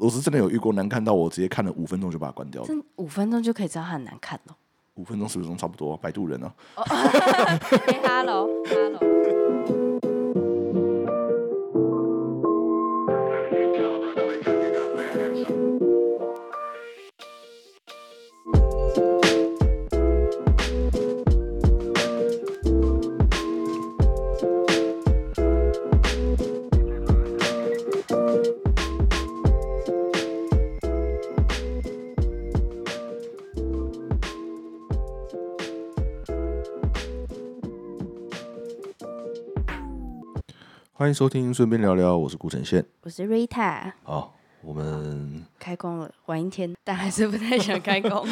我是真的有遇過難看到，我直接看了五分鐘就把它關掉了。這五分鐘就可以知道它很難看了？五分鐘十分鐘差不多、啊，擺渡人、啊 oh, uh, hey,，hello hello。收聽，順便聊聊。我是顧晨憲，我是瑞塔。好，我們開工了，晚一天，但還是不太想開工。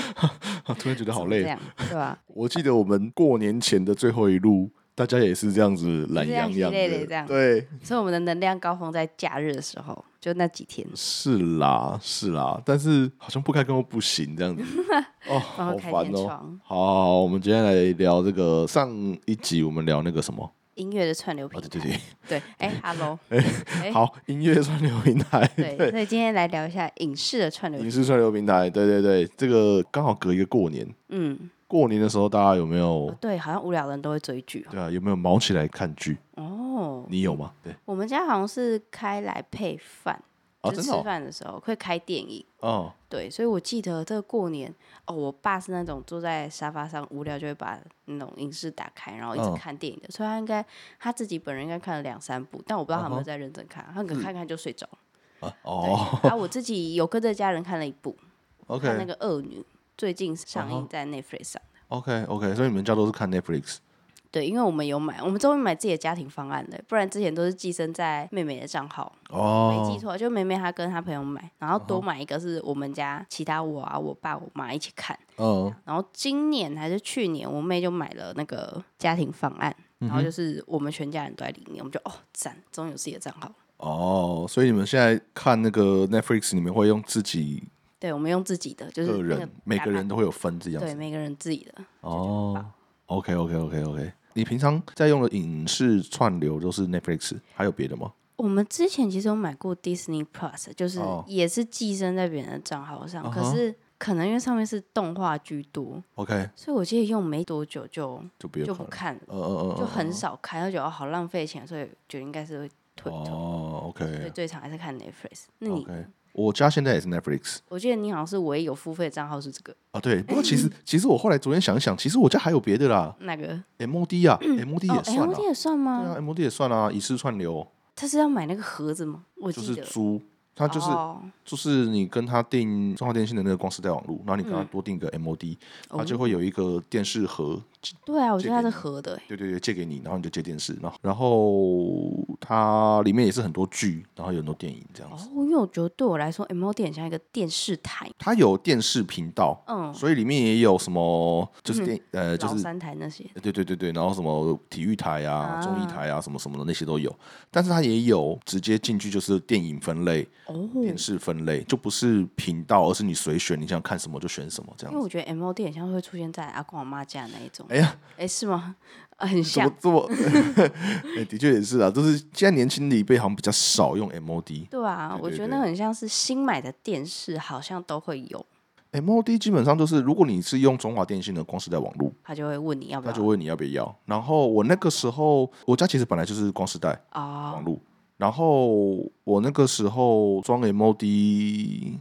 突然覺得好累，這樣對吧、啊？我記得我們過年前的最後一路， 大家也是這樣子懶洋洋的。的這樣，對，所以我們的能量高峰在假日的時候，就那幾天。是啦，是啦，但是好像不開工不行這樣子。 哦，好煩哦、喔。好，好，我們今天來聊這個。上一集我們聊那個什麼？ 音樂的串流平台、哦，對對對, 對，哎，Hello，哎，好，音樂串流平台，對，對所以今天來聊一下影視的串流平台，影視串流平台，對對對，這個剛好隔一個過年，嗯，過年的時候大家有沒有、啊？對，好像無聊的人都會追劇，對啊，有沒有卯起來看劇？哦，你有嗎？對，我們家好像是開來配飯。哦、就是、吃飯的時候會開電影哦，對，所以我記得這個過年哦，我爸是那種坐在沙發上無聊就會把那種影視打開，然後一直看電影的，哦、所以他應該他自己本人應該看了兩三部，但我不知道他有沒有在認真看，哦、他可能看看就睡着了、嗯。哦，啊，我自己有跟着家人看了一部，看、哦、那個惡女最近上映在 Netflix 上、哦、OK OK，所以你們家都是看 Netflix？對，因為我們有買，我們終於買自己的家庭方案了，不然之前都是寄生在妹妹的賬號。哦，沒記錯，就妹妹她跟她朋友買，然後多買一個是我們家其他我、啊、我爸、我媽一起看。哦，然後今年還是去年，我妹就買了那個家庭方案，嗯、然後就是我們全家人都在裡面，我們就哦讚，終於有自己的賬號。哦，所以你們現在看那個 Netflix，你們會用自己？對，我們用自己的，就是個每個人都會有分這樣子。對，每個人自己的。哦。OK OK OK OK，你平常在用的影視串流都是 Netflix，還有別的嗎？我們之前其實有買過 Disney Plus，就是也是寄生在別人的賬號上，可是可能因為上面是動畫居多，OK，所以我記得用沒多久就就不看了，就很少看，就覺得好浪費錢，所以就應該是會退哦，OK，所以最常還是看 Netflix。那你？我家現在也是 Netflix。我記得你好像是唯一有付費的賬號是這個啊，對。不過其實、嗯、其實我後來昨天想一想，其實我家還有別的啦。哪、那個？M O D 啊、嗯、M O D 也算啊。M O D 也算嗎？對啊，M O D 也算啊，影視串流。他是要買那個盒子嗎？就是租，他就是、oh. 就是你跟他訂中華電信的那個光世代網路，然後你跟他多訂一個 M O D，他就會有一個電視盒。對啊，我覺得它是合的，欸。對對對，借給你，然後你就接電視，然後然後它裡面也是很多劇，然後有很多電影這樣子。哦，因為我覺得對我來說，M O D 很像一個電視台，它有電視頻道，嗯，所以裡面也有什麼就是電、嗯、呃就是三台那些，對對對對，然後什麼體育台啊、綜、啊、藝台啊什麼什麼的那些都有。但是它也有直接進去就是電影分類、哦、電視分類，就不是頻道，而是你隨選你想看什麼就選什麼這樣。因為我覺得 M O D 很像會出現在阿公阿嬤家那一種。哎呀，哎、欸、是嗎、啊？很像，我。哎、 欸，的確也是啊。就是現在年輕的一輩好像比較少用 MOD，對、啊。對啊，我覺得那很像是新買的電視好像都會有。MOD 基本上就是如果你是用中華電信的光世代網絡，他就會問你要不要，他就問你要不要，然後我那個時候我家其實本來就是光世代啊、oh. 網絡。然後我那個時候裝 MOD，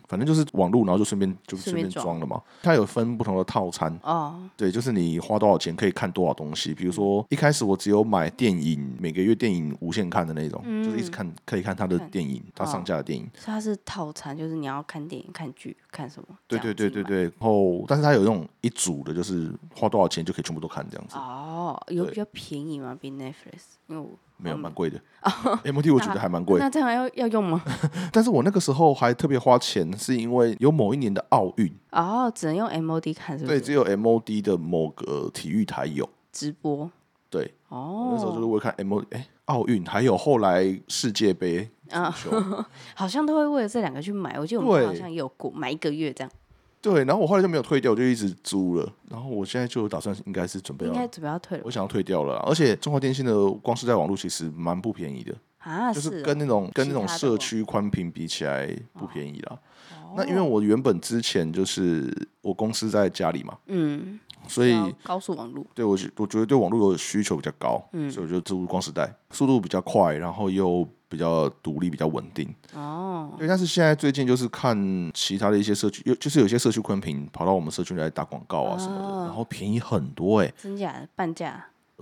反正就是網路，然後就順便就順便裝了嘛，裝。它有分不同的套餐，哦，對，就是你花多少錢可以看多少東西。比如說一開始我只有買電影，嗯、每個月電影無限看的那種，嗯、就是一直看，可以看他的電影，他上架的電影。哦、所以它是套餐，就是你要看電影、看劇、看什麼？對，對對對對對。然後，但是它有那種一組的，就是花多少錢就可以全部都看這樣子。哦，有比較便宜嗎？比 Netflix？因為、哦沒有，蠻貴的。Oh, M O D 我覺得還蠻貴的。那這樣要要用嗎？ 但是我那個時候還特別花錢，是因為有某一年的奧運。哦、oh,，只能用 M O D 看是不是？對，只有 M O D 的某個體育台有直播。對，哦、oh.，那時候就是會看 M O D 哎、欸、奧運，還有後來世界杯啊，oh. 好像都會為了這兩個去買。我記得我們好像也有過買一個月這樣。對，然後我後來就沒有退掉，我就一直租了。然後我現在就打算應該是準備了應該準備要退了，我想要退掉了啦。而且中華電信的光時代網路其實蠻不便宜的啊，就是跟那種、哦、跟那種社區寬頻比起來不便宜啦的。那因為我原本之前就是我公司在家裡嘛，嗯、哦，所以高速網路對我我覺得對網路有需求比較高，嗯，所以我就租光時代，速度比較快，然後又。比較獨立，比較穩定哦。但是現在最近就是看其他的一些社區，有就是有些社區昆屏跑到我們社區來打廣告啊什麼的、哦，然後便宜很多哎、欸，真假的半價，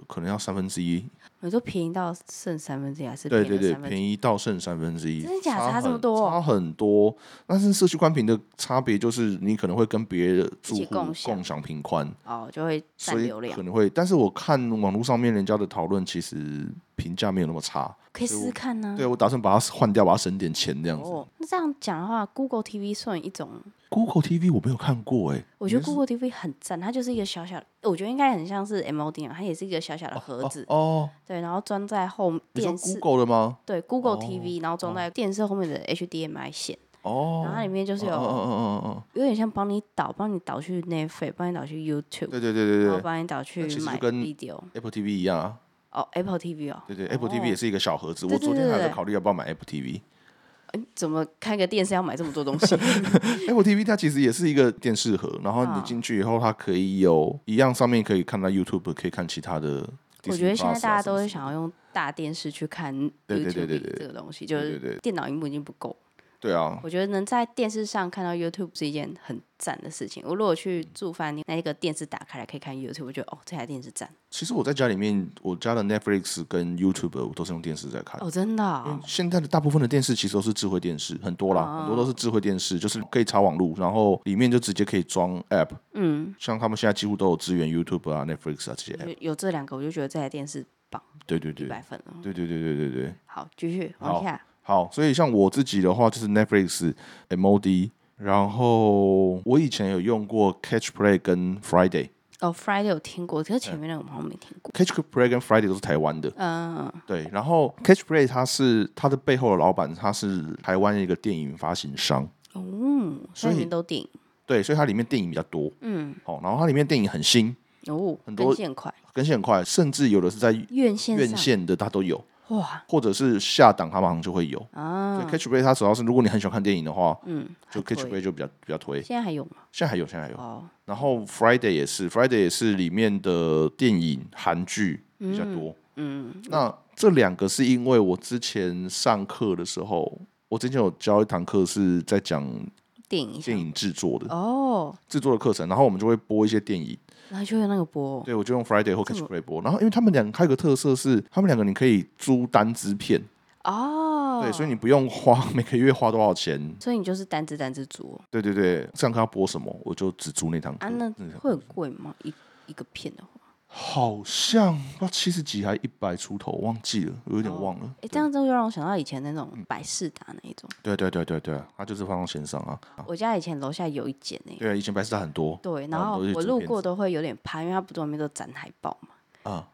可能要三分之一。你說便宜到剩三分之一還是？對對對，便宜到剩三分之一，真的假？差這麼多，差很多。但是社區寬頻的差別就是，你可能會跟別的住戶共享頻寬，哦，就會占流量。可能會。但是我看網絡上面人家的討論，其實評價沒有那麼差，可以試試看呢、啊。對，我打算把它換掉，把它省點錢這樣子。哦、那這樣講的話，Google TV 算一種？Google TV 我沒有看過哎、欸，我覺得 Google TV 很讚，它就是一個小小的，我覺得應該很像是 M O D 啊，它也是一個小小的盒子哦。哦哦對，然後裝在後面電視。Google 的嗎？對，Google、oh, TV，然後裝在電視後面的 HDMI 線。哦、oh,。然後它裡面就是有，嗯嗯嗯嗯嗯，有點像幫你導，幫你導去 Netflix，幫你導去 YouTube。對對對對，對然後幫你導去買 video Apple TV 一樣啊。哦、oh,，Apple TV 哦。對對，Apple TV 也是一個小盒子。Oh, 我昨天還在考慮要不要買 Apple TV。對對對對對對怎麼看個電視要買這麼多東西 ？Apple TV 它其實也是一個電視盒，然後你進去以後，它可以有、oh. 一樣，上面可以看到 YouTube，可以看其他的。我覺得現在大家都是想要用大電視去看，對對對對對對，YouTube 這個東西就是電腦熒幕已經不夠。對對對對對對啊，我覺得能在電視上看到 YouTube 是一件很讚的事情。我如果去住飯店，那個電視打開來可以看 YouTube，我覺得哦，這台電視讚。其實我在家裡面，我家的 Netflix 跟 YouTube 我都是用電視在看。哦，真的、哦嗯。現在的大部分的電視其實都是智慧電視，很多啦，哦、很多都是智慧電視，就是可以查網路，然後裡面就直接可以裝 App。嗯。像他們現在幾乎都有支援 YouTube 啊，啊 Netflix 啊這些。App。有這兩個，我就覺得這台電視棒。對對對，一百分了。對對對對對對，對。好，繼續往下。好好，所以像我自己的話，就是 Netflix、MOD，然後我以前有用過 Catch Play 跟 Friday 哦。哦，Friday 有聽過，可是前面那個我好像沒聽過、嗯。Catch Play 跟 Friday 都是台灣的。嗯、呃，對。然後 Catch Play 它是它的背後的老闆，它是台灣一個電影發行商。哦，電影所以都訂。對，所以它裡面電影比較多。嗯。好、哦，然後它裡面電影很新。哦。很多更新快，更新很快，甚至有的是在院線院線的，它都有。哇，或者是下檔他馬上就會有啊。所以 CatchPlay 它主要是如果你很喜歡看電影的話，嗯，就 CatchPlay 就比較比較推。現在還有嗎？現在還有，現在還有。哦。然後 Friday 也是，Friday 也是裡面的電影韓劇比較多。嗯，那這兩個是因為我之前上課的時候，我之前有教一堂課是在講電影電影制作的哦，制作的課程，然後我們就會播一些電影。然後就用那個播，喔，對，我就用 Friday 或 Catchplay 播。然後因為他們兩個，它有個特色是，他們兩個你可以租單支片哦，oh，對，所以你不用花每個月花多少錢，所以你就是單支單支租，喔。對對對，這樣看要播什麼，我就只租那檔。啊，那會很貴嗎？一一個片的話好像七十幾還一百出頭，我忘記了，我有點忘了。哎、哦，這樣子又讓我想到以前那種百事達那一種、嗯。對對對對對，他就是放到線上啊。我家以前樓下有一間呢。對啊，以前百事達很多。對然，然後我路過都會有點怕，因為他不都外面都展海報嘛。嗯嗯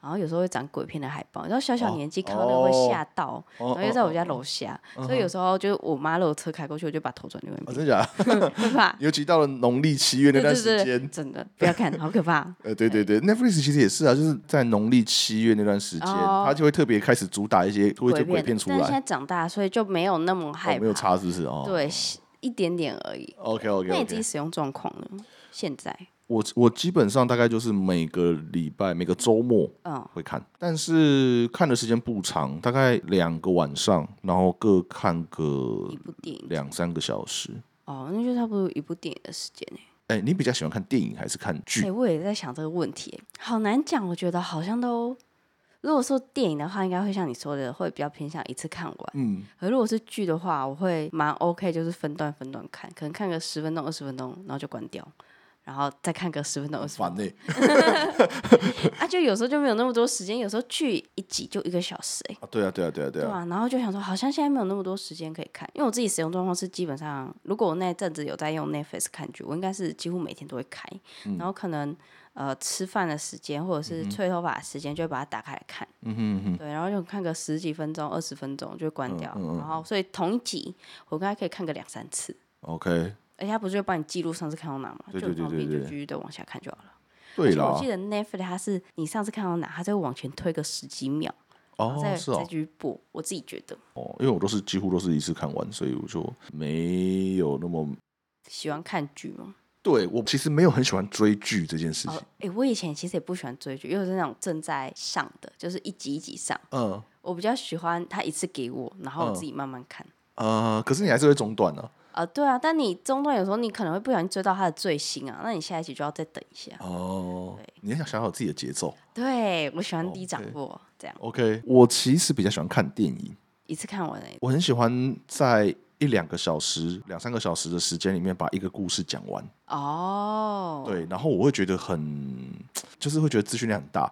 然後有時候會展鬼片的海報，然後小小年紀看到會嚇到、哦，然後又在我家樓下，哦哦哦、所以有時候就我媽如果車開過去，我就把頭轉另外邊。真假的假？會 不怕 尤其到了農曆七月那段時間，對對對對真的不要看好可怕。呃，對對對，對，Netflix 其實也是啊，就是在農曆七月那段時間，它、哦、就會特別開始主打一些會做鬼，鬼片出來。但現在長大，所以就沒有那麼害怕，哦、沒有差是不是、哦、對，一點點而已。OK OK，, okay, okay. 那你自己使用狀況呢？現在？我我基本上大概就是每個禮拜每個周末嗯會看，Oh. 但是看的時間不長，大概兩個晚上，然後各看個一部電影兩三個小時哦，Oh, 那就差不多一部電影的時間誒、欸。哎、欸，你比較喜歡看電影還是看劇？哎、欸，我也在想這個問題、欸，好難講。我覺得好像都，如果說電影的話，應該會像你說的，會比較偏向一次看完。嗯，而如果是劇的話，我會蠻 OK，就是分段分段看，可能看個十分鐘、二十分鐘，然後就關掉。然後再看個十分鐘 對、二十分鐘啊，就有時候就沒有那麼多時間，有時候劇一集就一個小時哎、欸啊。對啊，對啊，對啊，對啊。對啊。然後就想說，好像現在沒有那麼多時間可以看，因為我自己使用狀況是，基本上如果我那陣子有在用 Netflix 看劇，我應該是幾乎每天都會開，嗯、然後可能呃吃飯的時間或者是吹頭髮的時間、嗯，就把它打開來看。嗯哼哼。對，然後就看個十幾分鐘、二十分鐘就關掉，嗯嗯嗯然後所以同一集我應該可以看個兩三次。OK。人、欸、家不是就幫你記錄上次看到哪嘛，就方便就繼續再往下看就好了。對了，我記得 Netflix 它是你上次看到哪，他就往前推個十幾秒，再再繼續播。我自己覺得哦哦，哦，因為我都是幾乎都是一次看完，所以我就沒有那麼喜歡看劇嘛。對我其實沒有很喜歡追劇這件事情。哎、哦欸，我以前其實也不喜歡追劇，因為我是那種正在上的，就是一集一集上。嗯，我比較喜歡他一次給我，然後我自己慢慢看。呃，可是你還是會中斷呢？啊、呃，對啊，但你中段有時候你可能會不小心追到他的最新啊，那你下一集就要再等一下哦。你要想想好自己的節奏。對，我喜歡低掌握、哦 okay, 這樣。OK，我其實比較喜歡看電影，一次看完。我很喜歡在一兩個小時、兩三個小時的時間裡面把一個故事講完。哦，對，然後我會覺得很，就是會覺得資訊量很大，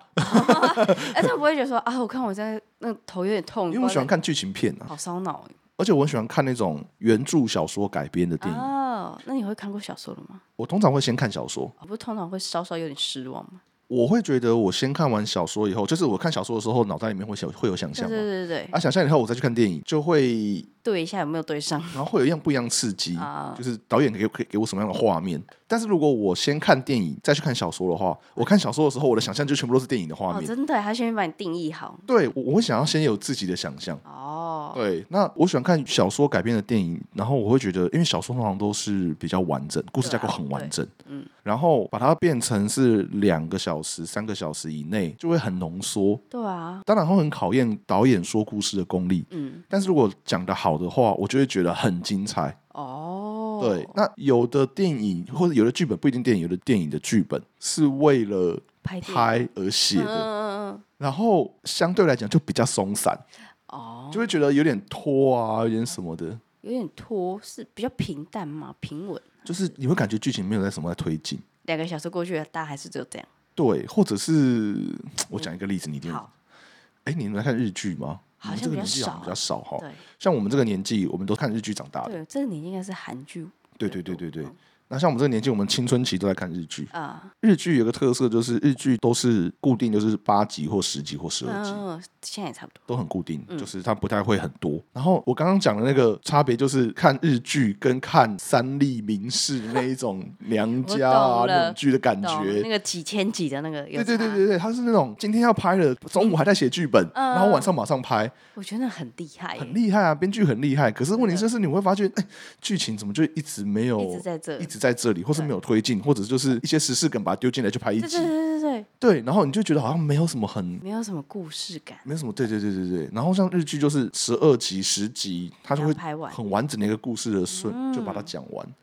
而 且 不會覺得說啊，我看我現在頭有點痛，因為我喜歡看劇情片啊，好燒腦。而且我很喜歡看那種原著小說改編的電影。哦，那你會看過小說了嗎？我通常會先看小說，我不通常會稍稍有點失望嗎？我會覺得我先看完小說以後，就是我看小說的時候，腦袋裡面會想會有想象，對對對，啊，想象以後我再去看電影，就會。對一下有沒有對上 然後會有一樣不一樣的刺激，uh... 就是導演給給給我什麼樣的畫面。但是如果我先看電影，再去看小說的話，我看小說的時候，我的想象就全部都是電影的畫面。Oh, 真的，他先把你定義好。對，我，我會想要先有自己的想象。哦、oh...，對，那我喜歡看小說改編的電影，然後我會覺得，因為小說通常都是比較完整，故事架構很完整。嗯、啊，然後把它變成是兩個小時、三個小時以內，就會很濃縮。對啊，當然會很考驗導演說故事的功力。嗯，但是如果講的好。的話，我就會覺得很精彩哦。對，那有的電影或者有的劇本不一定電影，有的電影的劇本是為了拍而寫的、哦拍，然後相對來講就比較鬆散哦，就會覺得有點拖啊，有點什麼的，有點拖是比較平淡嘛，平穩，就是你會感覺劇情沒有在什麼在推進，兩個小時過去了，大家還是只有這樣。對，或者是我講一個例子，你聽。哎、嗯欸，你們來看日劇嗎？好像這個年紀好像比較少哈，像，少啊、像我們這個年紀，我們都看日劇長大的。對，這個年紀應該是韓劇。對對對，對對對對。那像我們這個年紀，我們青春期都在看日劇啊。Uh, 日劇有個特色就是，日劇都是固定，就是八集或十集或十二集。嗯、uh, uh,，uh, 現在也差不多，都很固定、嗯，就是它不太會很多。然後我剛剛講的那個差別，就是看日劇跟看三立民視那一種娘家啊 那種劇的感覺。那個幾千集的那個，對對對對對，他是那種今天要拍了，中午還在寫劇本，嗯 uh, 然後晚上馬上拍。我覺得很厲害、欸，很厲害啊，編劇很厲害。可是問題就是，你會發覺，哎、那個，劇、欸、情怎麼就一直沒有？一直在這。一直在這裡，或是沒有推進，或者就是一些時事梗把它丟進來就拍一集，對，對，對，對，對。然後你就覺得好像沒有什麼很，沒有什麼故事感，沒有什麼，對對對對對。然後像日劇就是十二集十集，它就會拍完很完整的一個故事的順，就把它講完、嗯，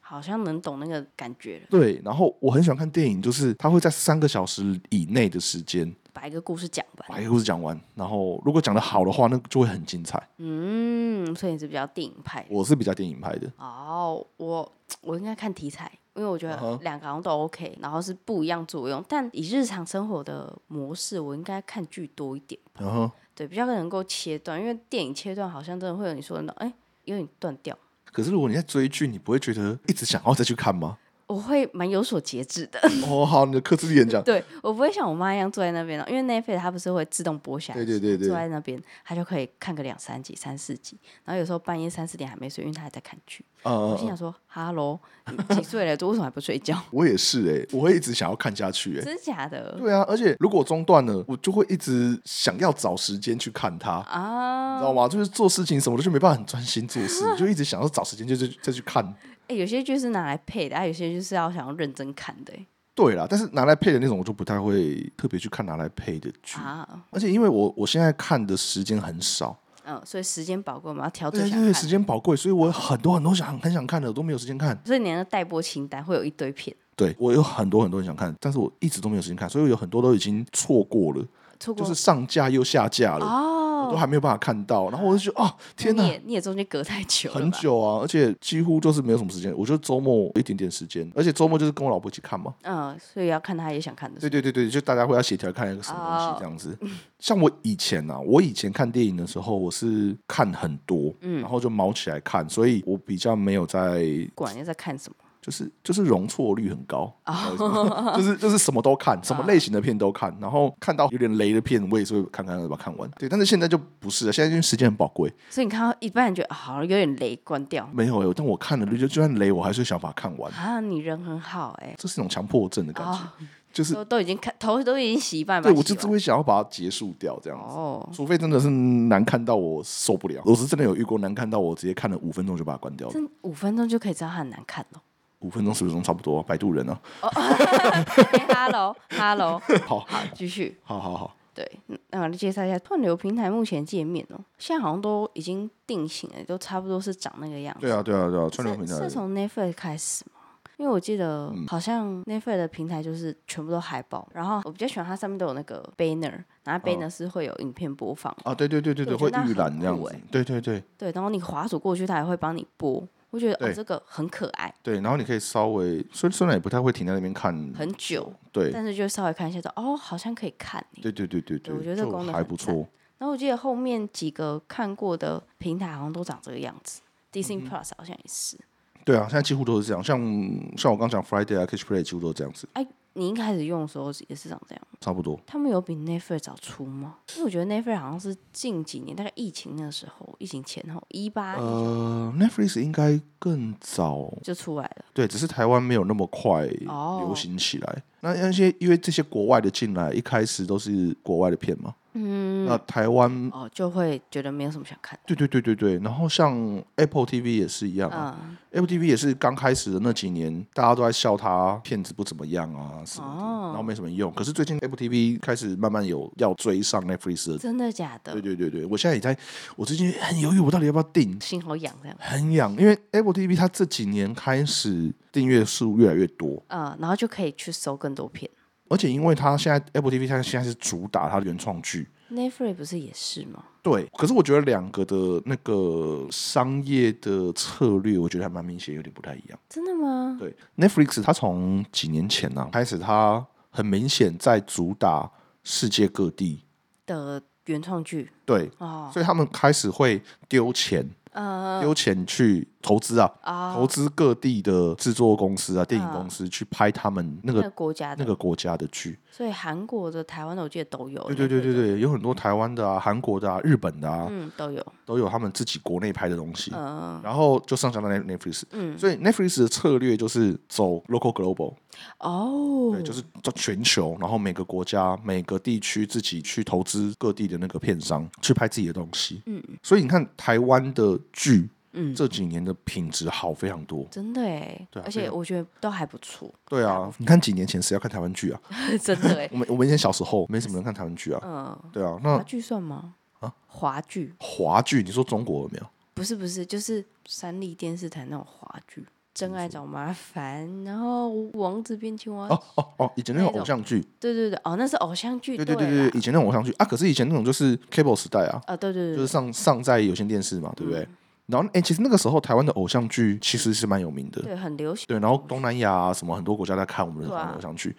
好像能懂那個感覺了。對，然後我很喜歡看電影，就是它會在三個小時以內的時間把一個故事講完，把一個故事講完，完，然後如果講得好的話，那就會很精彩。嗯。所以你是比較電影派，我是比較電影派的。哦、oh,，我我應該看題材，因為我覺得兩個人都 OK，、uh -huh. 然後是不一樣作用。但以日常生活的模式，我應該看劇多一點。Uh -huh. 對，比較能夠切斷，因為電影切斷好像真的會有你說的，哎、欸，因為你斷掉。可是如果你在追劇，你不會覺得一直想要再去看嗎？我會蠻有所節制的。哦，好，你的克制演講。 對，我不會像我媽一樣坐在那邊，因為 Netflix 它不是會自動播下來。對對對，對、對、對坐在那邊，她就可以看個兩三集、三四集。然後有時候半夜三四點還沒睡，因為她還在看劇。啊、嗯、我心想說：“Hello，、嗯、你幾歲了？都 為什麼還不睡覺？”我也是哎、欸，我會一直想要看下去哎、欸。是真的假的？對啊，而且如果中斷了，我就會一直想要找時間去看它啊，你知道嗎？就是做事情什麼的就沒辦法很專心做事、啊，就一直想要找時間就再去看。欸、有些劇是拿來配的，還、啊、有些就是要想要認真看的、欸。對啦，但是拿來配的那種，我就不太會特別去看拿來配的劇啊。而且因為我我現在看的時間很少，嗯、哦，所以時間寶貴嘛，我們要調整。對對對，時間寶貴，所以我很多很多想很想看的我都沒有時間看。所以你的待播清單會有一堆片。對，我有很多很多人想看，但是我一直都沒有時間看，所以有很多都已經錯過了。就是上架又下架了、哦，我都還沒有辦法看到，然後我就覺得，得、啊、天哪！你也你也中間隔太久了，很久啊，而且幾乎就是沒有什麼時間，我就周末一點點時間，而且周末就是跟我老婆一起看嘛。嗯，所以要看她也想看的。對對對對，就大家會要協調看一個什麼東西、哦、這樣子。像我以前啊，我以前看電影的時候，我是看很多，嗯、然後就卯起來看，所以我比較沒有在管要在看什麼。就是就是容錯率很高，oh, 就是就是什麼都看，什麼類型的片都看，oh. 然後看到有點雷的片，我也是會看看把它看完。對，但是現在就不是了，現在因為時間很寶貴，所以你看到一般人覺得好、哦、有點雷，關掉。沒有有、欸，但我看了就、嗯、就算雷，我還是想把它看完。啊，你人很好哎、欸，這是一種強迫症的感覺，oh. 就是都，都已經看頭都已經洗一半洗，對我就只會想要把它結束掉這樣子。哦、oh. 除非真的是難看到我受不了，我是真的有遇過難看到我直接看了五分鐘就把它關掉了，這五分鐘就可以知道它很難看了。五分鐘十分鐘差不多、啊，擺渡人呢、啊 oh, ？Hello Hello， 好好繼續，好好好。對，那我來介紹一下串流平台目前界面哦。現在好像都已經定型了，都差不多是長那個樣子。對啊對啊對啊，串流平台是，是從 Netflix 開始嗎？因為我記得、嗯、好像 Netflix 的平台就是全部都海報，然後我比較喜歡它上面都有那個 banner，然後 banner、哦、是會有影片播放啊、哦。對對對對對，對，會預覽這樣子。對對對。對，然後你滑鼠過去，它也會幫你播。我覺得哦，這個很可愛。對，然後你可以稍微，所雖,雖然也不太會停在那邊看很久，對，但是就稍微看一下哦，好像可以看、欸。對對對對對，對我覺得這個功能還不錯。然後我記得後面幾個看過的平台好像都長這個樣子、嗯、，Disney Plus 好像也是。對啊，現在幾乎都是這樣，像像我剛講 Friday 啊，Catch Play 幾乎都是這樣子。哎。你一開始用的時候也是長這樣，差不多。他們有比 Netflix 早出嗎？因為我覺得 Netflix 好像是近幾年，大概疫情那時候，疫情前後一八年。呃，Netflix 應該更早就出來了。對，只是台灣沒有那麼快流行起來。Oh、那那些因為這些國外的進來，一開始都是國外的片嘛？嗯，那台灣哦，就會覺得沒有什麼想看。對對對對對，然後像 Apple TV 也是一樣、啊嗯、，Apple TV 也是剛開始的那幾年，大家都在笑它片子不怎麼樣啊什麼的、哦，然後沒什麼用。可是最近 Apple TV 開始慢慢有要追上 Netflix 了，真的假的？對對對對，我現在也在，我最近很猶豫，我到底要不要訂，心好癢這樣，很癢，因為 Apple TV 它這幾年開始訂閱數越來越多，嗯，然後就可以去搜更多片。而且因為它現在 Apple TV 它現在是主打它的原創劇，Netflix 不是也是嗎？對，可是我覺得兩個的那個商業的策略，我覺得還蠻明顯，有點不太一樣。真的嗎？對，Netflix 它從幾年前呢、啊、開始，它很明顯在主打世界各地的原創劇，對，哦，所以他們開始會丟錢。Uh... 啊，丟錢去投資啊，投資各地的製作公司啊，uh... 電影公司去拍他們那個國家那個國家的劇、那個。所以韓國的、台灣的，我記得都有。對對對對有很多台灣的啊、韓國的啊、日本的啊，嗯，都有都有他們自己國內拍的東西。嗯、uh...，然後就上傳到 Netflix。嗯，所以 Netflix 的策略，就是走 local global。哦，對，就是做全球，然後每個國家每個地區自己去投資各地的那個片商、嗯、去拍自己的東西。嗯，所以你看台灣的劇，嗯，這幾年的品質好非常多，真的哎，對啊，而且我覺得都還不錯，對啊。對啊，你看幾年前誰要看台灣劇啊？ 真的耶， 我們我們以前小時候沒什麼人看台灣劇啊，嗯，對啊，那劇算嗎？啊，華劇，華劇，你說中國有沒有？不是不是，就是三立電視台那種華劇。真愛找麻煩，然後王子變青蛙。哦哦哦，以前那種偶像劇。對,對對對，哦，那是偶像劇。對對對對,對，以前那種偶像劇啊，可是以前那種就是 cable 時代啊。啊，對對對，就是上上在有線電視嘛，嗯、對不對？然後，哎、欸，其實那個時候台灣的偶像劇其實是蠻有名的。對，很流行。對，然後東南亞啊，什麼很多國家在看我們的偶像劇、啊，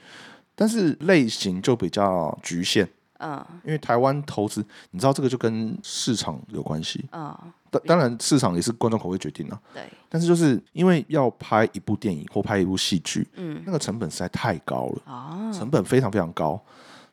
但是類型就比較局限。嗯。因為台灣投資，你知道這個就跟市場有關係。嗯。當然，市場也是觀眾口味決定啊。對。但是，就是因為要拍一部電影或拍一部戲劇，嗯，那個成本實在太高了，哦，成本非常非常高。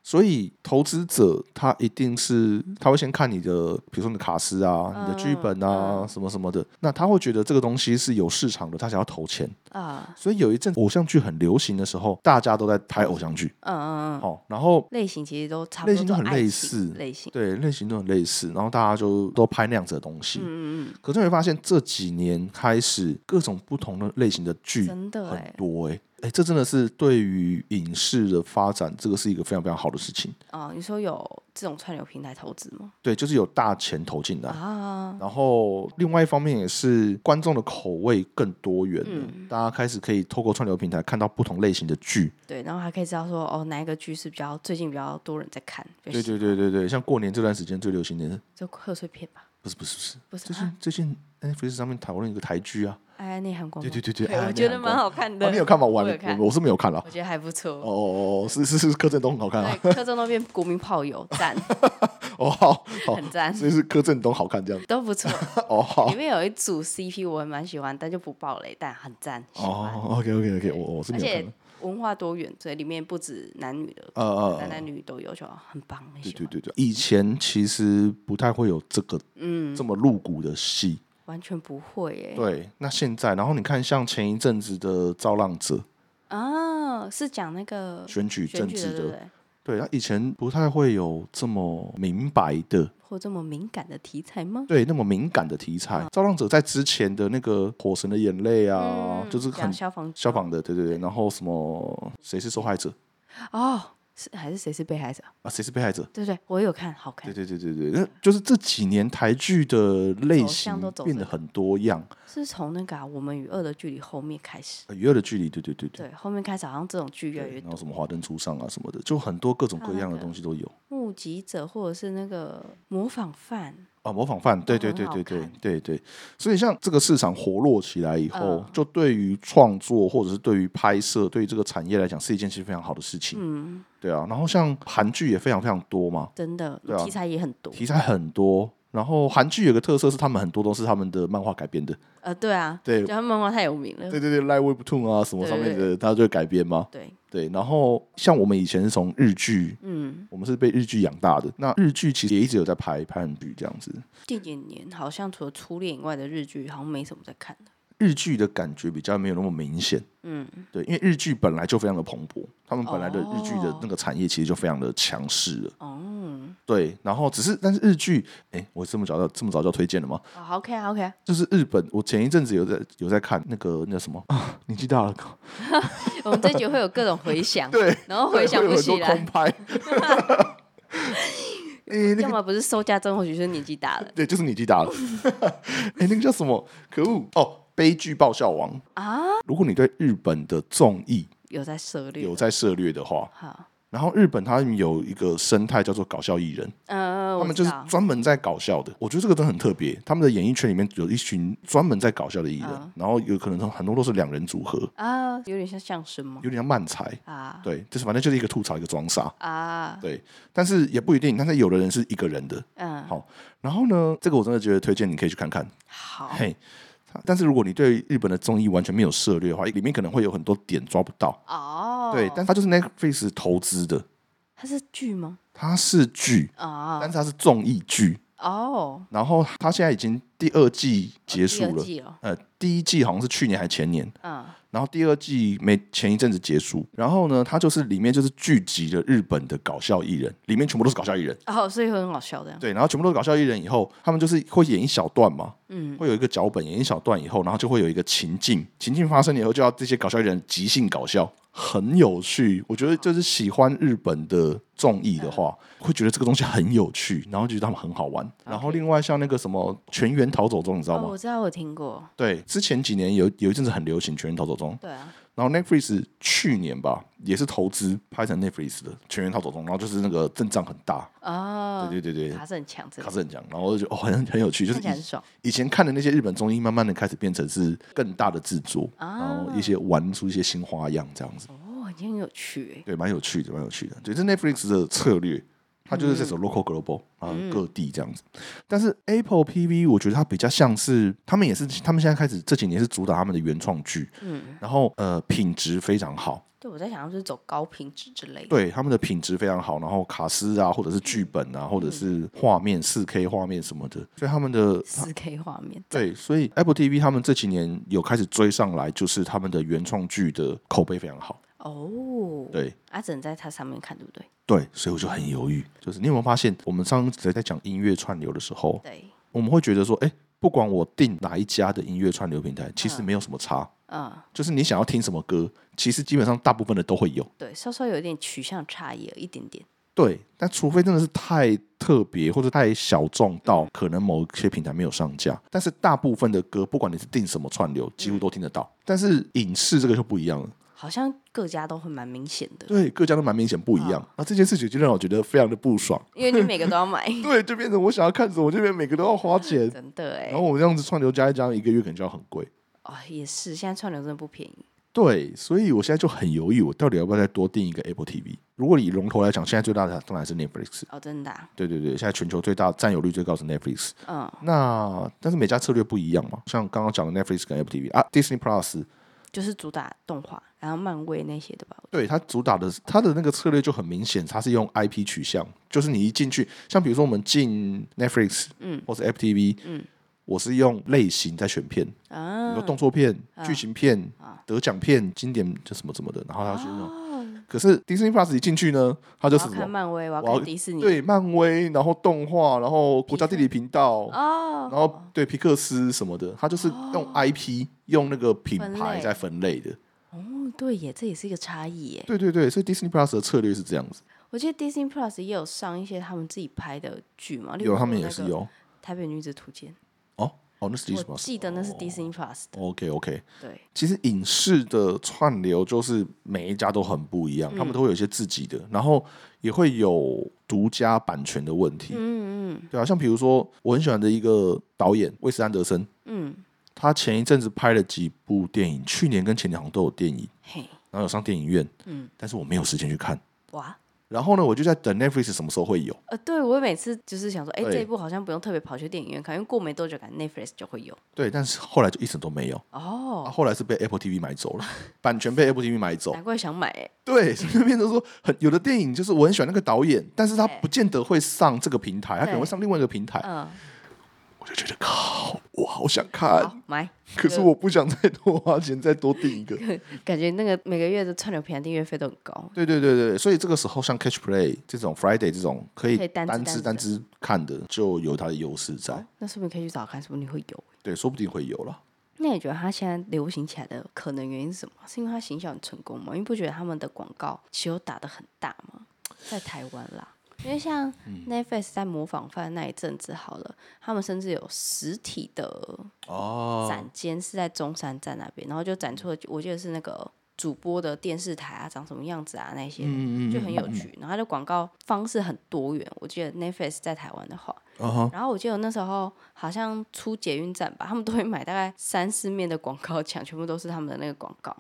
所以投資者他一定是他會先看你的，比如說你的卡司啊、你的劇本啊什麼什麼的，那他會覺得這個東西是有市場的，他想要投錢啊。所以有一陣偶像劇很流行的時候，大家都在拍偶像劇，嗯嗯嗯。好，然後類型其實都差不多，類型都很類似，類型對，類型都很類似，然後大家就都拍那樣子的東西。嗯，可是你會發現這幾年開始各種不同的類型的劇真的很多哎、欸。哎，這真的是對於影視的發展，這個是一個非常非常好的事情。啊、嗯、你說有這種串流平台投資嗎？對，就是有大錢投進來啊，啊，啊。然後另外一方面也是觀眾的口味更多元，嗯、大家開始可以透過串流平台看到不同類型的劇。對，然後還可以知道說哦，哪一個劇是比較最近比較多人在看，就是。對對對對對，像過年這段時間最流行的，就賀歲片吧？不是不是不是，不是最近，嗯、最近 Netflix 上面討論一個台劇啊。哎，你很光。對對對對、啊，我覺得蠻好看的、啊。你有看嗎我還？我有看，我是沒有看了。我覺得還不錯。哦哦哦，是是是，柯震東很好看啊。柯震東變國民炮友，讚。 哦 很讚。所以是柯震東好看，這樣都不錯。哦好，裡面有一組 CP，我還蠻喜歡，但就不爆雷，但很讚。哦，OK OK OK，我我是沒有。而且文化多元，所以裡面不止男女的，呃呃，男男女女都有，就很棒。很棒對對對對，對對對，以前其實不太會有這個，嗯，這麼露骨的戲。完全不會誒、欸。對，那現在，然後你看，像前一陣子的《造浪者》啊、哦，是講那個選舉政治的對對對。對，他以前不太會有這麼明白的或這麼敏感的題材嗎？對，那麼敏感的題材，哦，《造浪者》在之前的那個《火神的眼淚》啊、啊、嗯，就是很消防消防的，對對對，然後什麼誰是受害者？哦。是還是誰是被害者啊？誰是被害者？對對，我有看，好看。對對對對對，就是這幾年台劇的類型變得很多樣，是從那個、啊《我們與惡的距離》後面開始，呃《與惡的距離》對對對對，對，後面開始好像這種劇越來越多，然後什麼《華燈初上》啊什麼的，就很多各種各樣的東西都有。啊那個、目擊者，或者是那個模仿犯。啊、哦，模仿犯，對對對對對對對，所以像這個市場活絡起來以後，呃，就對於創作或者是對於拍攝，對於這個產業來講是一件其實非常好的事情。嗯，對啊，然後像韓劇也非常非常多嘛，真的，對啊。題材也很多，題材很多。然後韓劇有個特色是，他們很多都是他們的漫畫改編的。呃，對啊，對，他們漫畫太有名了。對對對，LINE Webtoon 啊，什麼上面的，他就會改編嗎？對對。然後像我們以前是從日劇，嗯，我們是被日劇養大的。那日劇其實也一直有在拍，拍很多這樣子。近幾年好像除了初戀以外的日劇，好像沒什麼在看日劇的感覺比較沒有那麼明顯，嗯，對，因為日劇本來就非常的蓬勃，他們本來的日劇的那個產業其實就非常的強勢了，嗯、哦，對，然後只是但是日劇，哎、欸，我這麼早就這麼早就推薦了嗎？好 OK 啊，OK，, okay 就是日本，我前一陣子有在有在看那個那什麼啊，年紀大了， 我們這集會有各種回想，對，然後回想不起來，空拍，哎， 要嘛不是收家政或許是年紀大了，對，就是年紀大了，哎、 欸，那個叫什麼？可惡哦。悲劇爆笑王啊！如果你對日本的綜藝有在涉獵，有在涉獵的話，好。然後日本它有一個生態叫做搞笑藝人，呃，他們就是專門在搞笑的。我覺得這個真的很特別。他們的演藝圈裡面有一群專門在搞笑的藝人，啊，然後有可能很多都是兩人組合啊，有點像相聲嗎？有點像漫才啊，對，就是反正就是一個吐槽，一個裝傻啊，對。但是也不一定，但是有的人是一個人的，嗯，好。然後呢，這個我真的覺得推薦你可以去看看。好，嘿，hey。但是如果你對日本的綜藝完全沒有涉獵的話，裡面可能會有很多點抓不到。哦，對，但它就是 Netflix 投資的，它是劇嗎？它是劇、oh. 但是它是綜藝劇哦。Oh. 然後它現在已經第二季結束了，oh, 第二季哦、呃，第一季好像是去年還是前年，oh. 然後第二季沒前一陣子結束，然後呢，它就是裡面就是聚集了日本的搞笑藝人，裡面全部都是搞笑藝人。哦，所以會很搞笑的。對，然後全部都是搞笑藝人，以後他們就是會演一小段嘛，嗯，會有一個腳本演一小段，以後然後就會有一個情境，情境發生以後就要這些搞笑藝人即興搞笑。很有趣，我覺得就是喜歡日本的綜藝的話，嗯，會覺得這個東西很有趣，然後覺得他們很好玩。Okay. 然後另外像那個什麼《全員逃走中》，你知道嗎？哦，我知道，我聽過。對，之前幾年有有一陣子很流行《全員逃走中》。對啊。然後 Netflix 去年吧，也是投資拍成 Netflix 的全員逃走中，然後就是那個陣仗很大啊、哦，對對對對，他是很強，他是很強，然後就覺得哦，好像很有趣，就是以,以前看的那些日本綜藝，慢慢的開始變成是更大的制作、哦，然後一些玩出一些新花樣這樣子，哦，也很有趣，哎，對，蠻有趣的，蠻有趣的，對、就，是 Netflix 的策略。他就是在走 local global 啊，嗯、各地這樣子，但是 Apple TV 我覺得它比較像是，他們也是，他們現在開始這幾年是主打他們的原創劇，嗯，然後呃品質非常好。對，我在想要是走高品質之類的。對，他們的品質非常好，然後卡司啊，或者是劇本啊，或者是畫面四 K 畫面什麼的，所以他們的四 K 畫面。對，所以 Apple TV 他們這幾年有開始追上來，就是他們的原創劇的口碑非常好。哦、oh，對，阿、啊、只能在他上面看，對不對？對，所以我就很猶豫。就是你有沒有發現，我們上次在講音樂串流的時候，對，我們會覺得說，哎，不管我訂哪一家的音樂串流平台，其實沒有什麼差。嗯，嗯，就是你想要聽什麼歌，其實基本上大部分的都會有。對，稍稍有一點取向差異，有一點點。對，但除非真的是太特別或者太小眾到，可能某一些平台沒有上架，但是大部分的歌，不管你是訂什麼串流，幾乎都聽得到，嗯。但是影視這個就不一樣了。好像各家都會蠻明顯的，對，各家都蠻明顯不一樣。那、啊啊、這件事情就讓我覺得非常的不爽，因為你每個都要買， 對，就變成我想要看什麼，我這邊每個都要花錢。啊、真的哎，然後我這樣子串流加一加，一個月可能就要很貴。啊、哦，也是，現在串流真的不便宜。對，所以我現在就很猶豫，我到底要不要再多訂一個 Apple TV？如果以龍頭來講，現在最大的當然是 Netflix。哦，真的、啊。對對對，現在全球最大占有率最高是 Netflix。嗯，那但是每家策略不一樣嘛，像剛剛講的 Netflix 跟 Apple TV 啊 Disney Plus。就是主打動畫，然後漫威那些的吧。對，它主打的它的那個策略就很明顯，它是用 IP 取向，就是你一進去，像比如說我們進 Netflix，、嗯、或者 F T V，、嗯、我是用類型在選片，啊、比如說動作片、啊、劇情片、啊、得獎片、經典就什麼什麼的，然後他是那種。啊可是迪士尼 plus 一進去呢，他就是看漫威，我要看迪士尼對漫威，然後動畫，然後國家地理頻道哦，然後、哦、對皮克斯什麼的，他就是用 IP、哦、用那個品牌在分類的。哦，對耶，這也是一個差異耶。對對對，所以迪士尼 plus 的策略是這樣子。我記得迪士尼 plus 也有上一些他們自己拍的劇嘛，有,、那個、有他們也是有《台北女子圖鑑》。哦，那是 Disney Plus，記得那是 Disney Plus。OK OK，對，其實影視的串流就是每一家都很不一樣，嗯、他們都會有一些自己的，然後也會有獨家版權的問題。嗯嗯，嗯，對啊，像比如說我很喜歡的一個導演，威斯安德森。嗯，他前一陣子拍了幾部電影，去年跟前年好像都有電影，然後有上電影院，嗯、但是我沒有時間去看。哇。然後呢，我就在等 Netflix 什麼時候會有。呃，對我每次就是想說，哎，這一部好像不用特別跑去電影院看，因為過沒多久，感覺 Netflix 就會有。對，但是後來就一直都沒有。哦、啊。後來是被 Apple TV 買走了，版權被 Apple TV 買走。難怪想買、欸。對，所以變成說，很有的電影就是我很喜歡那個導演，但是他不見得會上這個平台，他可能會上另外一個平台。嗯。我就覺得靠，我好想看，買，買。可是我不想再多花錢，再多訂一個。 感覺那個每個月的串流平台訂閱費都很高。對對對，對，所以這個時候像 Catch Play 這種 Friday 這種可以單支，單支單支看的，就有它的優勢在。那是不是可以去找看，說不定會有、欸。對，說不定會有了。那你覺得它現在流行起來的可能原因是什麼？是因為它形象很成功嗎？因為不覺得他們的廣告其實有打得很大嗎？在台灣啦。因為像 Netflix 在模仿犯，那一陣子好了，他們甚至有實體的哦展間，是在中山站那邊，oh. 然後就展出了，我記得是那個主播的電視台啊，長什麼樣子啊那些，mm -hmm. 就很有趣。Mm -hmm. 然後它的廣告方式很多元，我記得 Netflix 在台灣的話，uh -huh. 然後我記得那時候好像出捷運站吧，他們都會買大概三四面的廣告牆，全部都是他們的那個廣告。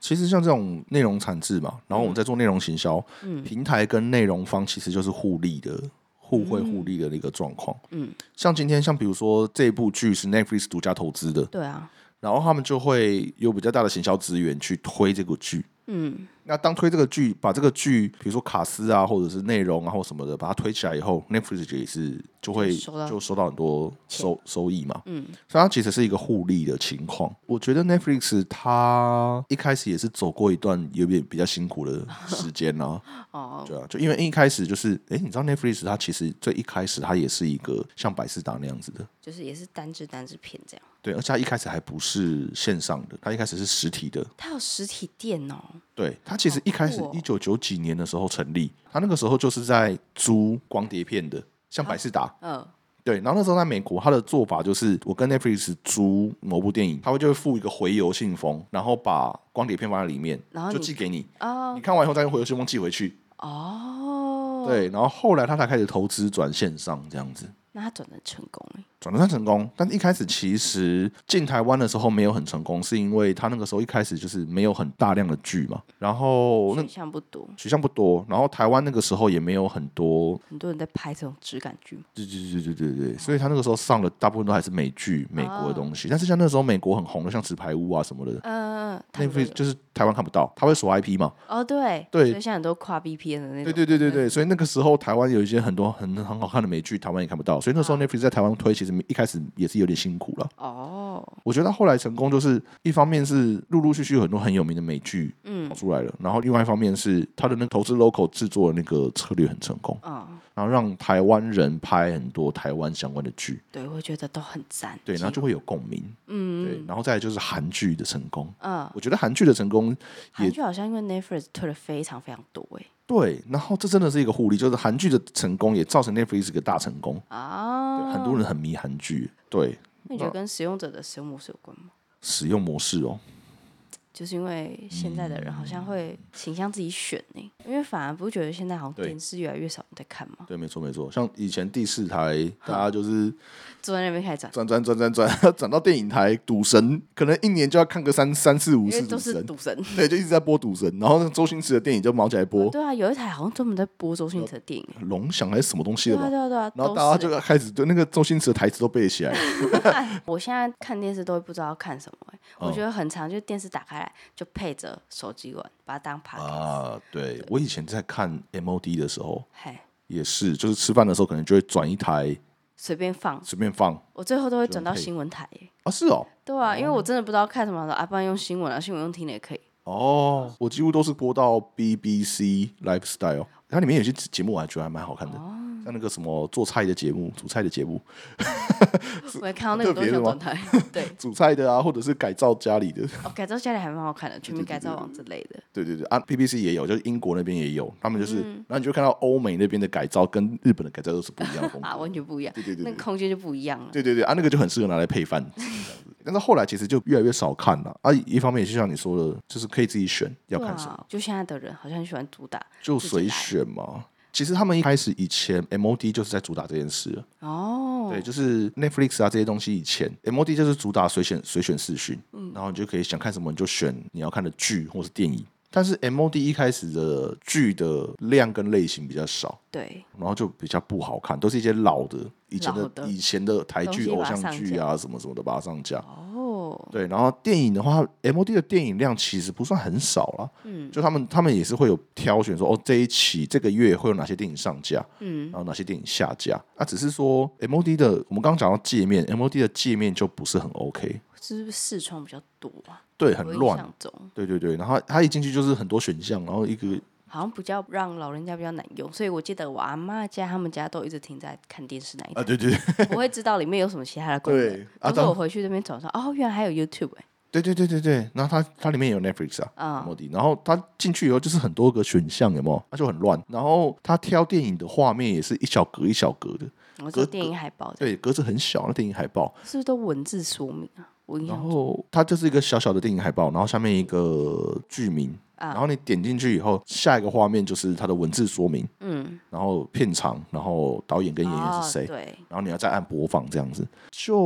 其實像這種內容產製嘛，然後我們在做內容行銷、嗯，平台跟內容方其實就是互利的、互惠互利的一個狀況，嗯。嗯，像今天，像比如說這部劇是 Netflix 獨家投資的，對啊，然後他們就會有比較大的行銷資源去推這個劇。嗯，那當推這個劇，把這個劇，比如說卡司啊，或者是內容啊，或什麼的，把它推起來以後，Netflix 也是就會就收，就收到很多收收益嘛。嗯，所以它其實是一個互利的情況。我覺得 Netflix 它一開始也是走過一段有點比較辛苦的時間呢、啊。哦， 對啊，就因為一開始就是，哎、欸，你知道 Netflix 它其實最一開始它也是一個像百視達那樣子的，就是也是單制單制片這樣。而且他一開始還不是線上的，他一開始是實體的。他有實體店哦。對，他其實一開始一九九幾年的時候成立、哦，他那個時候就是在租光碟片的，像百視達。嗯、哦，對。然後那時候在美國，他的做法就是我跟 Netflix 租某部電影，他會就會附一個回郵信封，然後把光碟片放在裡面，然後就寄給你。哦。你看完以後再用回郵信封寄回去。哦。對，然後後來他才開始投資轉線上這樣子。那他轉得成功轉得算成功，但是一開始其實進台灣的時候沒有很成功，是因為他那個時候一開始就是沒有很大量的劇嘛，然後取向不多，取向不多，然後台灣那個時候也沒有很多很多人在拍這種質感劇，對對對對對對，所以他那個時候上的大部分都還是美劇、美國的東西、啊，但是像那時候美國很紅的像紙牌屋啊什麼的，嗯嗯 Netflix 就是台灣看不到，他會鎖 IP 嘛，哦對對，所以現在跨 VPN 的那，對對對對對,對,對,對，所以那個時候台灣有一些很多很很好看的美劇，台灣也看不到，所以那個時候 Netflix 在台灣推起。啊一開始也是有點辛苦了哦，我覺得他後來成功就是一方面是陸陸續續很多很有名的美劇嗯，跑出來了，然後另外一方面是他的那投資 local 制作的那個策略很成功啊，然後讓台灣人拍很多台灣相關的劇，對我覺得都很讚，對，然後就會有共鳴，嗯，對，然後再來就是韓劇的成功，嗯，我覺得韓劇的成功，韓劇好像因為 Netflix 推了非常非常多哎、欸。對，然後這真的是一個互利，就是韓劇的成功也造成 Netflix 是個大成功啊。對，很多人很迷韓劇，對，你覺得那跟使用者的使用模式有關嗎？使用模式哦。就是因為現在的人好像會傾向自己選呢、欸嗯，因為反而不是覺得現在好像電視越來越少人在看嘛。對，沒錯沒錯，像以前第四台，大家就是坐在那邊開始轉轉轉轉轉，轉到電影台，賭神可能一年就要看個三三四五次賭神，賭神，對，就一直在播賭神。然後周星馳的電影就忙起來播、哦，對啊，有一台好像專門在播周星馳的電影，龍翔還是什麼東西的吧？對、啊、對、啊、對、啊，然後大家就開始對那個周星馳的台詞都背起來了。 我現在看電視都會不知道要看什麼、欸，我覺得很常，就電視打開來，就配着手機玩，把它當 podcast、啊。啊，對，我以前在看 M O D 的時候，嘿，也是，就是吃飯的時候可能就會轉一台，隨便放，隨便放，我最後都會轉到新聞台。啊，是哦，對啊，因為我真的不知道看什麼，啊，不然用新聞啊，新聞用聽的也可以。哦，我幾乎都是播到 B B C Lifestyle。它裡面有些節目，我還覺得還蠻好看的，像那個什麼做菜的節目、煮菜的節目、哦， 我也看到那個特別狀態。對 煮菜的啊，或者是改造家裡的、哦，改造家裡還蠻好看的，《全民改造王》之類的對對對對。對對對啊，BBC 也有，就是英國那邊也有，他們就是，嗯、然後你就看到歐美那邊的改造跟日本的改造都是不一樣的啊，完全不一樣。對對對，對，對，那個空間就不一樣了。對對對啊，那個就很適合拿來配飯、啊那個、 但是後來其實就越來越少看了啊，啊，一方面也就像你說的，就是可以自己選要看什麼。啊、什麼就現在的人好像很喜歡主打，就隨選嗎？其實他們一開始以前，MOD 就是在主打這件事。哦，對，就是 Netflix 啊這些東西以前，MOD 就是主打隨選隨選視訊，嗯，然後你就可以想看什麼你就選你要看的劇或是電影。但是 MOD 一開始的劇的量跟類型比較少，對，然後就比較不好看，都是一些老的以前的，的以前的台劇、偶像劇啊什麼什麼的把它上架。哦，對，然後電影的話，MOD 的電影量其實不算很少了，嗯，就他們他們也是會有挑選說哦，這一期這個月會有哪些電影上架，嗯，然後哪些電影下架，那、啊、只是說 MOD 的我們剛剛講到界面，MOD 的界面就不是很 O、OK、K。是不是視窗比較多啊？對，很亂。對對對，然後他一進去就是很多選項，然後一個好像比較讓老人家比較難用。所以我記得我阿媽家他們家都一直停在看電視那一邊。啊，對對，對。 我會知道裡面有什麼其他的功能。對。然後、啊、我回去這邊找說，哦，原來還有 YouTube 對、欸、對對對對，然後它它裡面有 Netflix 啊，嗯、然後他進去以後就是很多個選項，有沒有？他就很亂。然後他挑電影的畫面也是一小格一小格的，我說電影海報對，格子很小，那電影海報是不是都文字說明啊？然後它就是一個小小的電影海報，嗯、然後下面一個劇名，啊，然後你點進去以後，下一個畫面就是它的文字說明，嗯，然後片長，然後導演跟演員是誰，哦，對，然後你要再按播放這樣子，就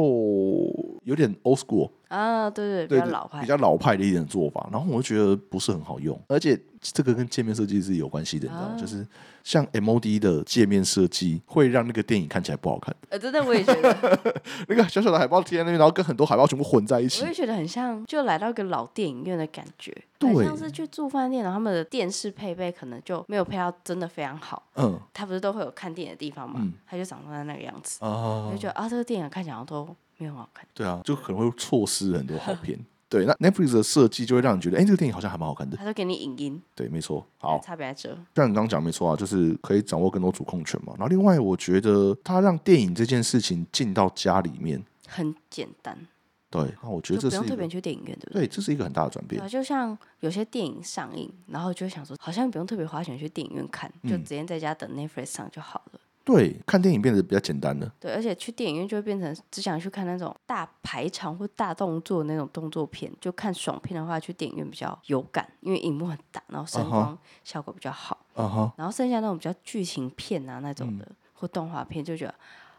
有點 old school 啊，對對對，比較老派，比較老派的一種做法，然後我就覺得不是很好用，而且。這個跟界面設計是有關係的，啊，你知道嗎？就是像 MOD 的界面設計會讓那個電影看起來不好看。呃，真的我也覺得， 那個小小的海報貼在那邊，然後跟很多海報全部混在一起，我也覺得很像就來到一個老電影院的感覺，對，好像是去住飯店，然後他們的電視配備可能就沒有配到真的非常好。嗯，他不是都會有看電影的地方嘛？嗯，他就長成那個樣子，哦，我就覺得啊，這個電影看起來好像都沒有很好看。對啊，就可能會錯失了很多好片。呵呵對，那 Netflix 的設計就會讓你覺得，哎，這個電影好像還蠻好看的。他就給你影音，對，沒錯，好。差別在這，像你剛剛講，沒錯啊，就是可以掌握更多主控權嘛。然後另外，我覺得他讓電影這件事情進到家裡面很簡單。對，那我覺得這是就不用特別去電影院，對不對？對，這是一個很大的轉變。對啊，就像有些電影上映，然後就會想說，好像不用特別花錢去電影院看，就直接在家等 Netflix 上就好了。嗯對，看電影變得比較簡單了。對，而且去電影院就會變成只想去看那種大排場或大動作那種動作片，就看爽片的話，去電影院比較有感，因為熒幕很大，然後聲光效果比較好。Uh-huh. Uh-huh. 然後剩下那種比較劇情片啊那種的、嗯、或動畫片，就覺得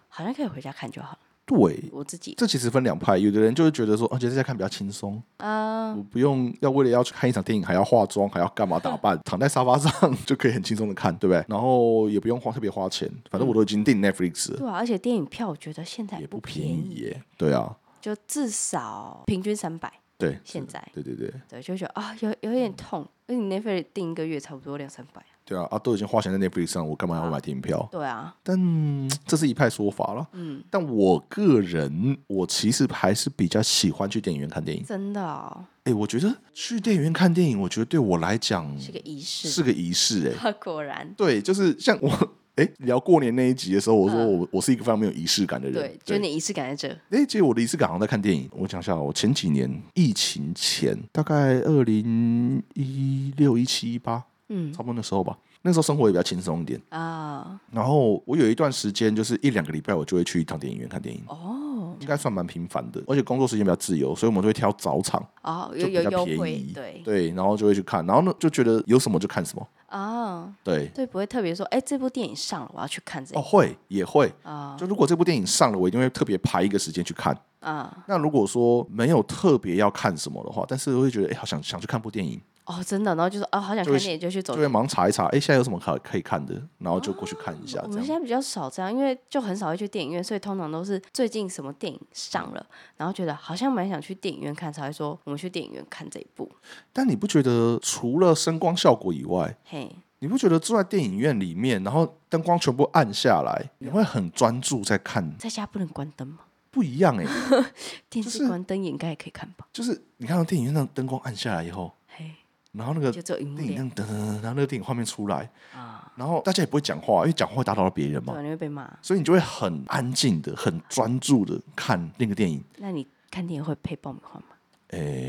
好像可以回家看就好了。對，我自己。這其實分兩派，有的人就會覺得說，而且在家看比較輕鬆啊、嗯，我不用要為了要去看一場電影，還要化妝，還要幹嘛打扮， 躺在沙發上就可以很輕鬆的看，對不對？然後也不用花特別花錢，反正我都已經訂 Netflix 了、嗯。對啊，而且電影票我覺得現在也不便宜耶。對啊，嗯、就至少平均三百。對，現在對。對對對。對，就覺得啊、哦，有有點痛，因為你 Netflix 訂一個月差不多兩三百。對啊，啊都已經花錢在 Netflix 上，我幹嘛要買電影票？啊對啊，但這是一派說法了。嗯，但我個人，我其實還是比較喜歡去電影院看電影。真的哦，哎，我覺得去電影院看電影，我覺得對我來講是個儀式，是個儀式、欸。哎，果然，對，就是像我哎聊過年那一集的時候，我說我、嗯、我是一個非常沒有儀式感的人。對，對就你儀式感在這。哎，其實我的儀式感好像在看電影。我講一下，我前幾年疫情前，大概二零一六、一七、一八。嗯，差不多那時候吧。那時候生活也比較輕鬆一點啊、哦。然後我有一段時間，就是一兩個禮拜，我就會去一趟電影院看電影。哦，應該算蠻頻繁的。而且工作時間比較自由，所以我們就會挑早場啊、哦，就比較便宜。有有優惠，對對，然後就會去看。然後呢，就覺得有什麼就看什麼啊、哦。對對，不會特別說，哎，這部電影上了，我要去看。這部電影。哦，會也會啊、哦。就如果這部電影上了，我一定會特別排一個時間去看啊、哦。那如果說沒有特別要看什麼的話，但是會覺得，哎，好想想去看部電影。哦、oh，真的，然後就說哦，好想看電影，就去走就，就會忙查一查，哎，現在有什麼可可以看的，然後就過去看一下，啊。我們現在比較少這樣，因為就很少會去電影院，所以通常都是最近什麼電影上了，嗯，然後覺得好像蠻想去電影院看，才會說我們去電影院看這一部。但你不覺得除了聲光效果以外，嘿，你不覺得坐在電影院裡面，然後燈光全部暗下來，你會很專注在看？在家不能關燈嗎？不一樣哎，欸， 電視關、就是、燈也應該也可以看吧？就是你看到電影院的燈光暗下來以後，嘿。然後那個電影，噔噔噔，然後那個電影畫面出來，然後大家也不會講話，因為講話會打擾到別人嘛，所以你就會很安靜的、很專注的看那個電影。那你看電影會配爆米花嗎？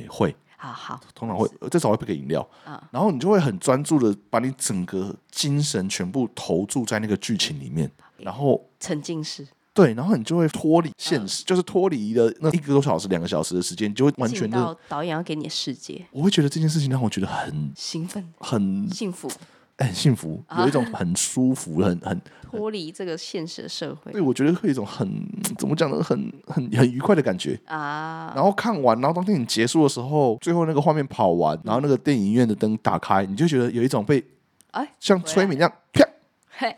會，好好，通常會，至少會配個飲料啊，然後你就會很專注的把你整個精神全部投注在那個劇情裡面，然後沉浸式。對，然後你就會脫離現實，嗯、就是脫離了那一個多小時、兩個小時的時間，就會完全的導演要給你世界。我會覺得這件事情讓我覺得很興奮、很幸福、很、欸、幸福、啊，有一種很舒服、很很脫離這個現實的社會。對，我覺得會有一種很怎麼講呢？很很很愉快的感覺啊。然後看完，然後當電影結束的時候，最後那個畫面跑完，然後那個電影院的燈打開，你就覺得有一種被哎、啊、像催眠一樣啪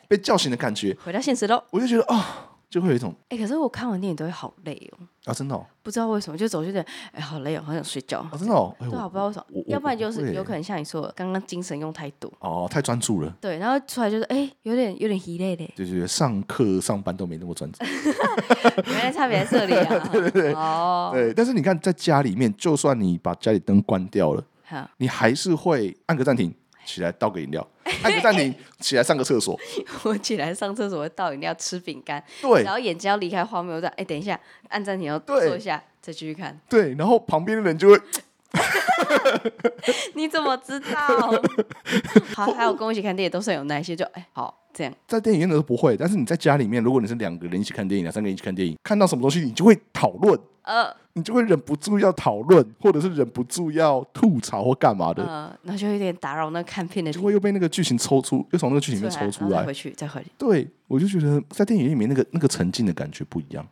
被叫醒的感覺，回到現實咯，我就覺得啊。哦就會有一種哎、欸，可是我看完電影都會好累哦啊，真的，哦，不知道為什麼，就總覺得哎好累哦，好想睡覺啊，真的哦，對，欸，不知道為什麼，要不然就是有可能像你說的，剛剛精神用太多哦，太專注了，對，然後出來就是哎、欸，有點有點疲累嘞，就對，對，對，上課上班都沒那麼專注，原 來 差別在這裡啊， 對，對對對，哦、oh.，對，但是你看在家裡面，就算你把家裡燈關掉了，你還是會按個暫停，起來倒個飲料。按個暫停嘿嘿，起來上個廁所。我起來上廁所會倒飲料、吃餅乾。對，然後眼睛要離開畫面，我就哎、欸，等一下，按暫停，要坐下再繼續看。對，然後旁邊的人就會。哈哈哈你怎麼知道？ 好，還有跟我一起看電影都算有耐心，就哎、欸，好這樣，在電影院的都不會，但是你在家裡面，如果你是兩個人一起看電影，兩三個人一起看電影，看到什麼東西你就會討論，呃，你就會忍不住要討論，或者是忍不住要吐槽或幹嘛的，嗯、呃，那就有點打擾那看片的時候，就會又被那個劇情抽出，又從那個劇情裡面抽出來，回去再回去。對，我就覺得在電影院裡面那個那個沉浸的感覺不一樣。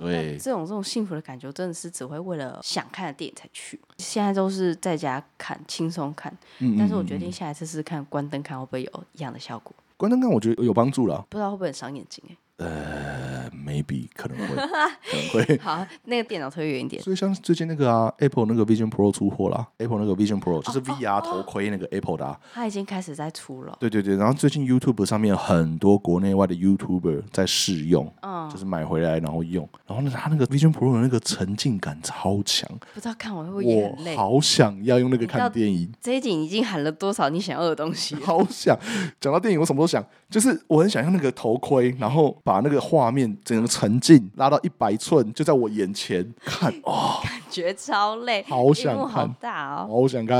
對，這種這種幸福的感覺，真的是只會為了想看的電影才去。現在都是在家看，輕鬆看。嗯嗯嗯嗯。但是我決定下一次試試看，關燈看會不會有一樣的效果。關燈看，我覺得有幫助了啊。不知道會不會很傷眼睛欸。呃、uh,，maybe 可能會，可能會。 好、啊，那個電腦推遠一點。所以像最近那個啊，Apple 那個 Vision Pro 出貨啦 Apple 那個 Vision Pro、哦、就是 VR 頭盔那個 Apple 的。啊，它、哦哦、已經開始在出了。對對對，然後最近 YouTube 上面很多國內外的 YouTuber 在試用，嗯，就是買回來然後用，然後呢，它那個 Vision Pro 的那個沉浸感超強，不知道看完會不會眼淚。我好想要用那個看電影。這一集已經喊了多少你想要的東西？好想，講到電影，我什麼都想。就是我很想像那個頭盔，然後把那個畫面整個沉浸拉到一百寸，就在我眼前看哦，感覺超累，屏幕好大哦，好想看。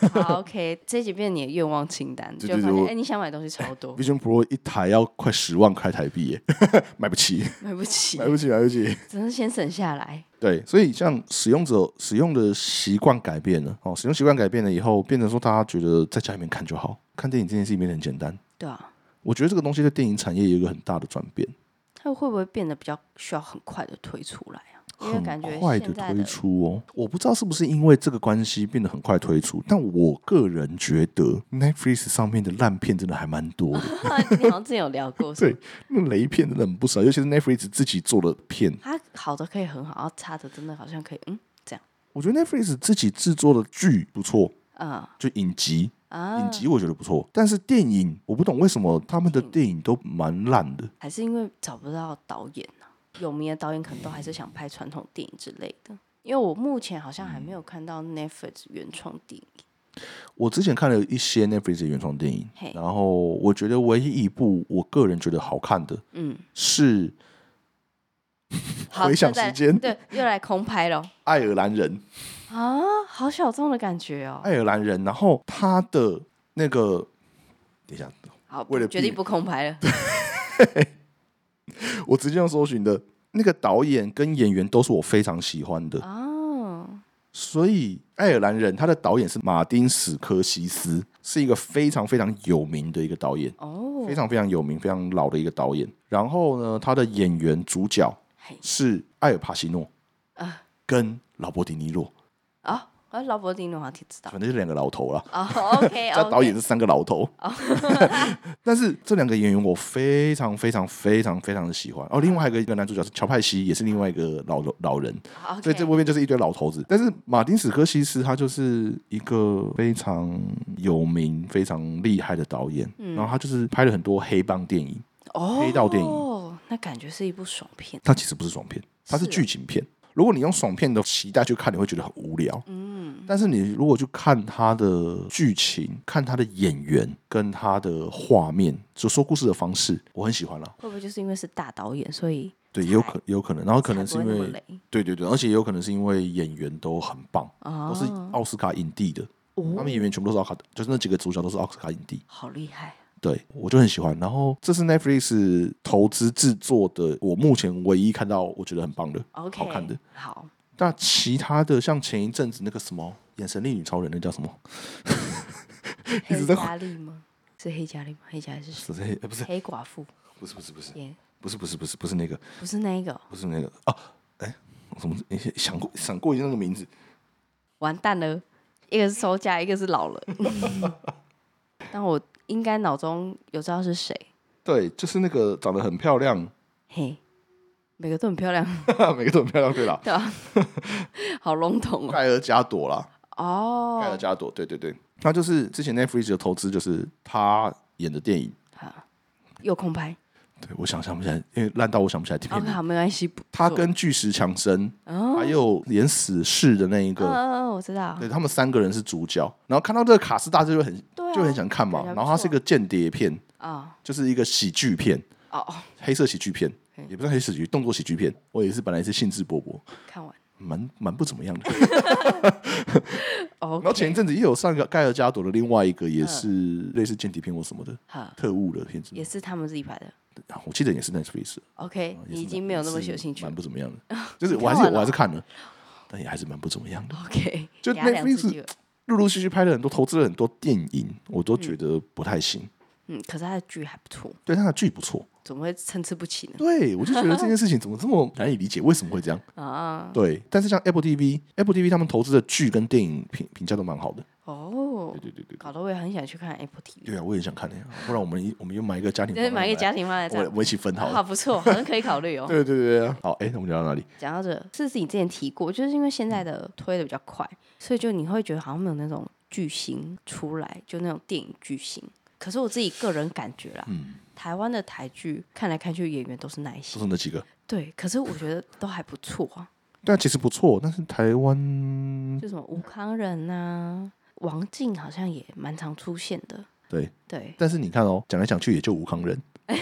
想看 OK，這幾遍你的願望清單對對對就哎、欸，你想買東西超多，Vision Pro 一台要快十萬塊台幣耶, 耶，買不起，買不起，買不起，買不起，只能先省下來。對，所以像使用者使用的習慣改變了哦，使用習慣改變了以後，變成說大家覺得在家裡面看就好，看電影這件事情變得很簡單，對啊。我覺得這個東西對電影產業有一個很大的轉變。它會不會變得比較需要很快的推出來啊？因為感覺現在的，很快的推出哦，我不知道是不是因為這個關係變得很快推出。但我個人覺得，Netflix 上面的爛片真的還蠻多的。 好像之前有聊過， 對，那雷片真的很不少，尤其是 Netflix 自己做的片，它好的可以很好，而差的真的好像可以嗯這樣。我覺得 Netflix 自己製作的劇不錯，嗯、uh，就影集。影集我覺得不錯，啊，但是電影我不懂為什麼他們的電影都蠻爛的，還是因為找不到導演啊，有名的導演可能都還是想拍傳統電影之類的。因為我目前好像還沒有看到 Netflix 原創電影。我之前看了一些 Netflix 原創電影，然後我覺得唯一一部我個人覺得好看的，嗯，是 《回想時間》。對，又來空拍了，《愛爾蘭人》。啊，好小眾的感覺哦！愛爾蘭人，然後他的那個，等一下，好，為了決定不空白了， 我直接用搜尋的。那個導演跟演員都是我非常喜歡的哦。所以愛爾蘭人，他的導演是馬丁·史柯西斯，是一個非常非常有名的一個導演哦，非常非常有名、非常老的一個導演。然後呢，他的演員主角是艾爾·帕西諾跟勞勃·狄尼洛。啊呃、啊，勞勃·丁諾瓦提知道，反正就兩個老頭了。哦、oh,，OK 啊、okay.。加導演是三個老頭。Oh. 但是這兩個演員我非常非常非常非常的喜歡。哦，另外還有一個男主角是喬·派西，也是另外一個老老人。Oh, okay. 所以這部片就是一堆老頭子。但是馬丁·史科西斯他就是一個非常有名、非常厲害的導演。嗯、然後他就是拍了很多黑幫電影。哦、oh,。黑道電影，oh, 那感覺是一部爽片。他其實不是爽片，他是劇情片。如果你用爽片的期待去看，你會覺得很無聊。嗯，但是你如果去看他的劇情、看他的演員跟他的畫面，就說故事的方式，我很喜歡了。會不會就是因為是大導演，所以對，也有可能，也有可能，然後可能是因為對對對，而且也有可能是因為演員都很棒，哦、都是奧斯卡影帝的，他們演員全部都是奧斯卡，就是那幾個主角都是奧斯卡影帝，好厲害。對，我就很喜歡。然後，這是 Netflix 投資制作的，我目前唯一看到我覺得很棒的、okay, 好看的。好。那其他的，像前一陣子那個什麼《眼神力女超人》，那叫什麼？ 黑加力嗎？ 是黑加力嗎？黑加還是什麼？不是黑，不是黑寡婦。不是不是，yeah. 不是不是不是。不是不是不是不是那個。不是那個。不是那個啊！哎，我怎麼？你想過閃過一下那個名字？完蛋了，一個是收加，一個是老人。 但我。應該腦中有知道是誰？對，就是那個長得很漂亮。嘿，每個都很漂亮， 每個都很漂亮，對啦。 對啊， 好籠統啊、哦。蓋兒加朵啦，哦、oh，蓋兒加朵，對對對，他就是之前 Netflix 有投資，就是他演的電影，有空拍。對，我想想不起來，因為爛到我想不起來。哦、okay, 這片，他跟巨石強森，oh, 還有演死侍的那一個，哦、oh, oh, oh, oh, 我知道。對他們三個人是主角，然後看到這個卡斯大字就很、啊、就很想看嘛。然後它是一個間諜片、oh. 就是一個喜劇片、oh. 黑色喜劇片、oh. 也不是黑色喜劇，動作喜劇片。我也是本來是興致勃勃，看完。蠻蠻不怎麼樣的， okay. 然後前一陣子又有上一個蓋爾加朵的另外一個也是類似間諜片或什麼的、huh. 特務的片子的，huh. 也是他們自己拍的。我記得也是 Netflix。OK，你已經沒有那麼有興趣，蠻不怎麼樣的。啊、就是我還是我還是看了，但也還是蠻不怎麼樣的。OK，就 Netflix 陸陸續續拍了很多，投資了很多電影，我都覺得不太行。嗯嗯，可是他的劇還不錯。對，他的劇不錯。怎麼會參差不齊呢？對，我就覺得這件事情怎麼這麼難以理解？ 為什麼會這樣？啊，對。但是像 Apple TV、Apple TV 他們投資的劇跟電影評評價都蠻好的。哦，對，對對對對。搞得我也很想去看 Apple TV。對啊，我也想看呀，欸。不然我們我們又買一個家庭， 買一個家庭方案，我我一起分好了。 好，不錯，好像可以考慮哦。 對對對，對，啊。好，哎，欸，那我們講到哪裡？講到這個，事是你之前提過，就是因為現在的推的比較快，嗯，所以就你會覺得好像沒有那種劇型出來，就那種電影劇型。可是我自己個人感覺啦，嗯、台灣的台劇看來看去演員都是那些，都是那幾個。對，可是我覺得都還不錯啊、 嗯。但其實不錯，但是台灣就什麼吳慷仁吶、啊，王淨好像也蠻常出現的。對對，但是你看哦，講來講去也就吳慷仁 哎。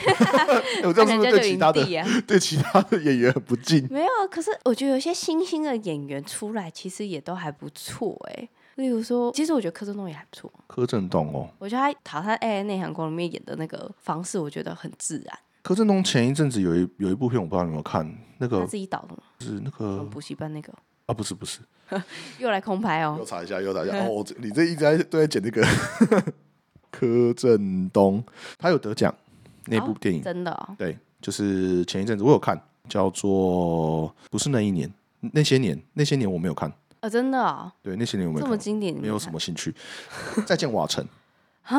我知道是不是對其他的、 啊、 對其他的演員很不敬。沒有，可是我覺得有些新興的演員出來，其實也都還不錯哎、欸。例如說，其實我覺得柯震東也還不錯。柯震東哦，我覺得他淘在《愛愛內含光》裡面演的那個方式，我覺得很自然。柯震東前一陣子有一有一部片，我不知道你有沒有看。那個他自己導的嗎，是那個補、哦、習班那個啊，不是不是， 又來空拍哦。又查一下，又查一下 哦我，你這一直都在，在剪那個 柯震東，他有得獎那部電影、哦、真的、哦？對，就是前一陣子我有看，叫做不是那一年，那些年，那些年我沒有看。啊、哦，真的啊、哦！對，那些年有沒有這麼經典沒？沒有什麼興趣。 再見瓦城啊，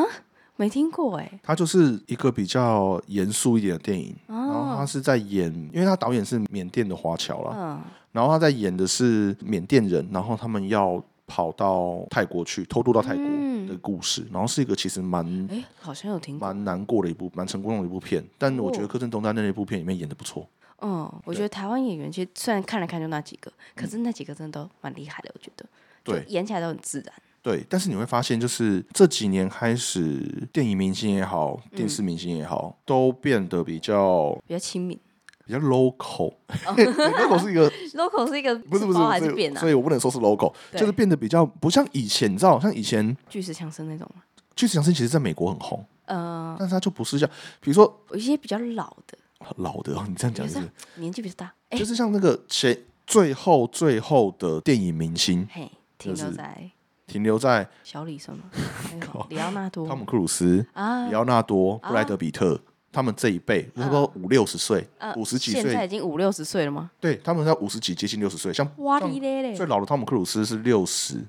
沒聽過哎、欸。他就是一個比較嚴肅一點的電影，哦、然後他是在演，因為他導演是緬甸的華僑啦，然後他在演的是緬甸人，然後他們要跑到泰國去偷渡到泰國的故事，嗯、然後是一個其實蠻蠻、欸、好像有聽過、難過的一部蠻成功的一部片，哦、但我覺得柯震東在那一部片裡面演的不錯。嗯，我覺得台灣演員其實雖然看了看就那幾個，可是那幾個真的都蠻厲害的，我覺得。對，演起來都很自然。對，但是你會發現，就是這幾年開始，電影明星也好，電視明星也好，嗯、都變得比較比較親民，比較 local。哦、 local 是一個 local 是一個不是不是還是變 所，所以我不能說是 local，就是變得比較不像以前你知道像以前巨石強森那種。巨石強森其實在美國很紅，嗯、呃，但是他就不是像，比如說有一些比較老的。老的，你這樣講是、啊、年紀比較大，哎，就是像那個前最後最後的電影明星，嘿、欸就是，停留在停留在小李什麼、那個？李奧納多、湯姆·克魯斯啊，李奧納多、布萊德·彼特、啊，他們這一輩，他們都五六十歲，五、啊、十幾歲，現在已經五六十歲了嗎？對他們在五十幾，接近六十歲，像他們最老的湯姆·克魯斯是六十，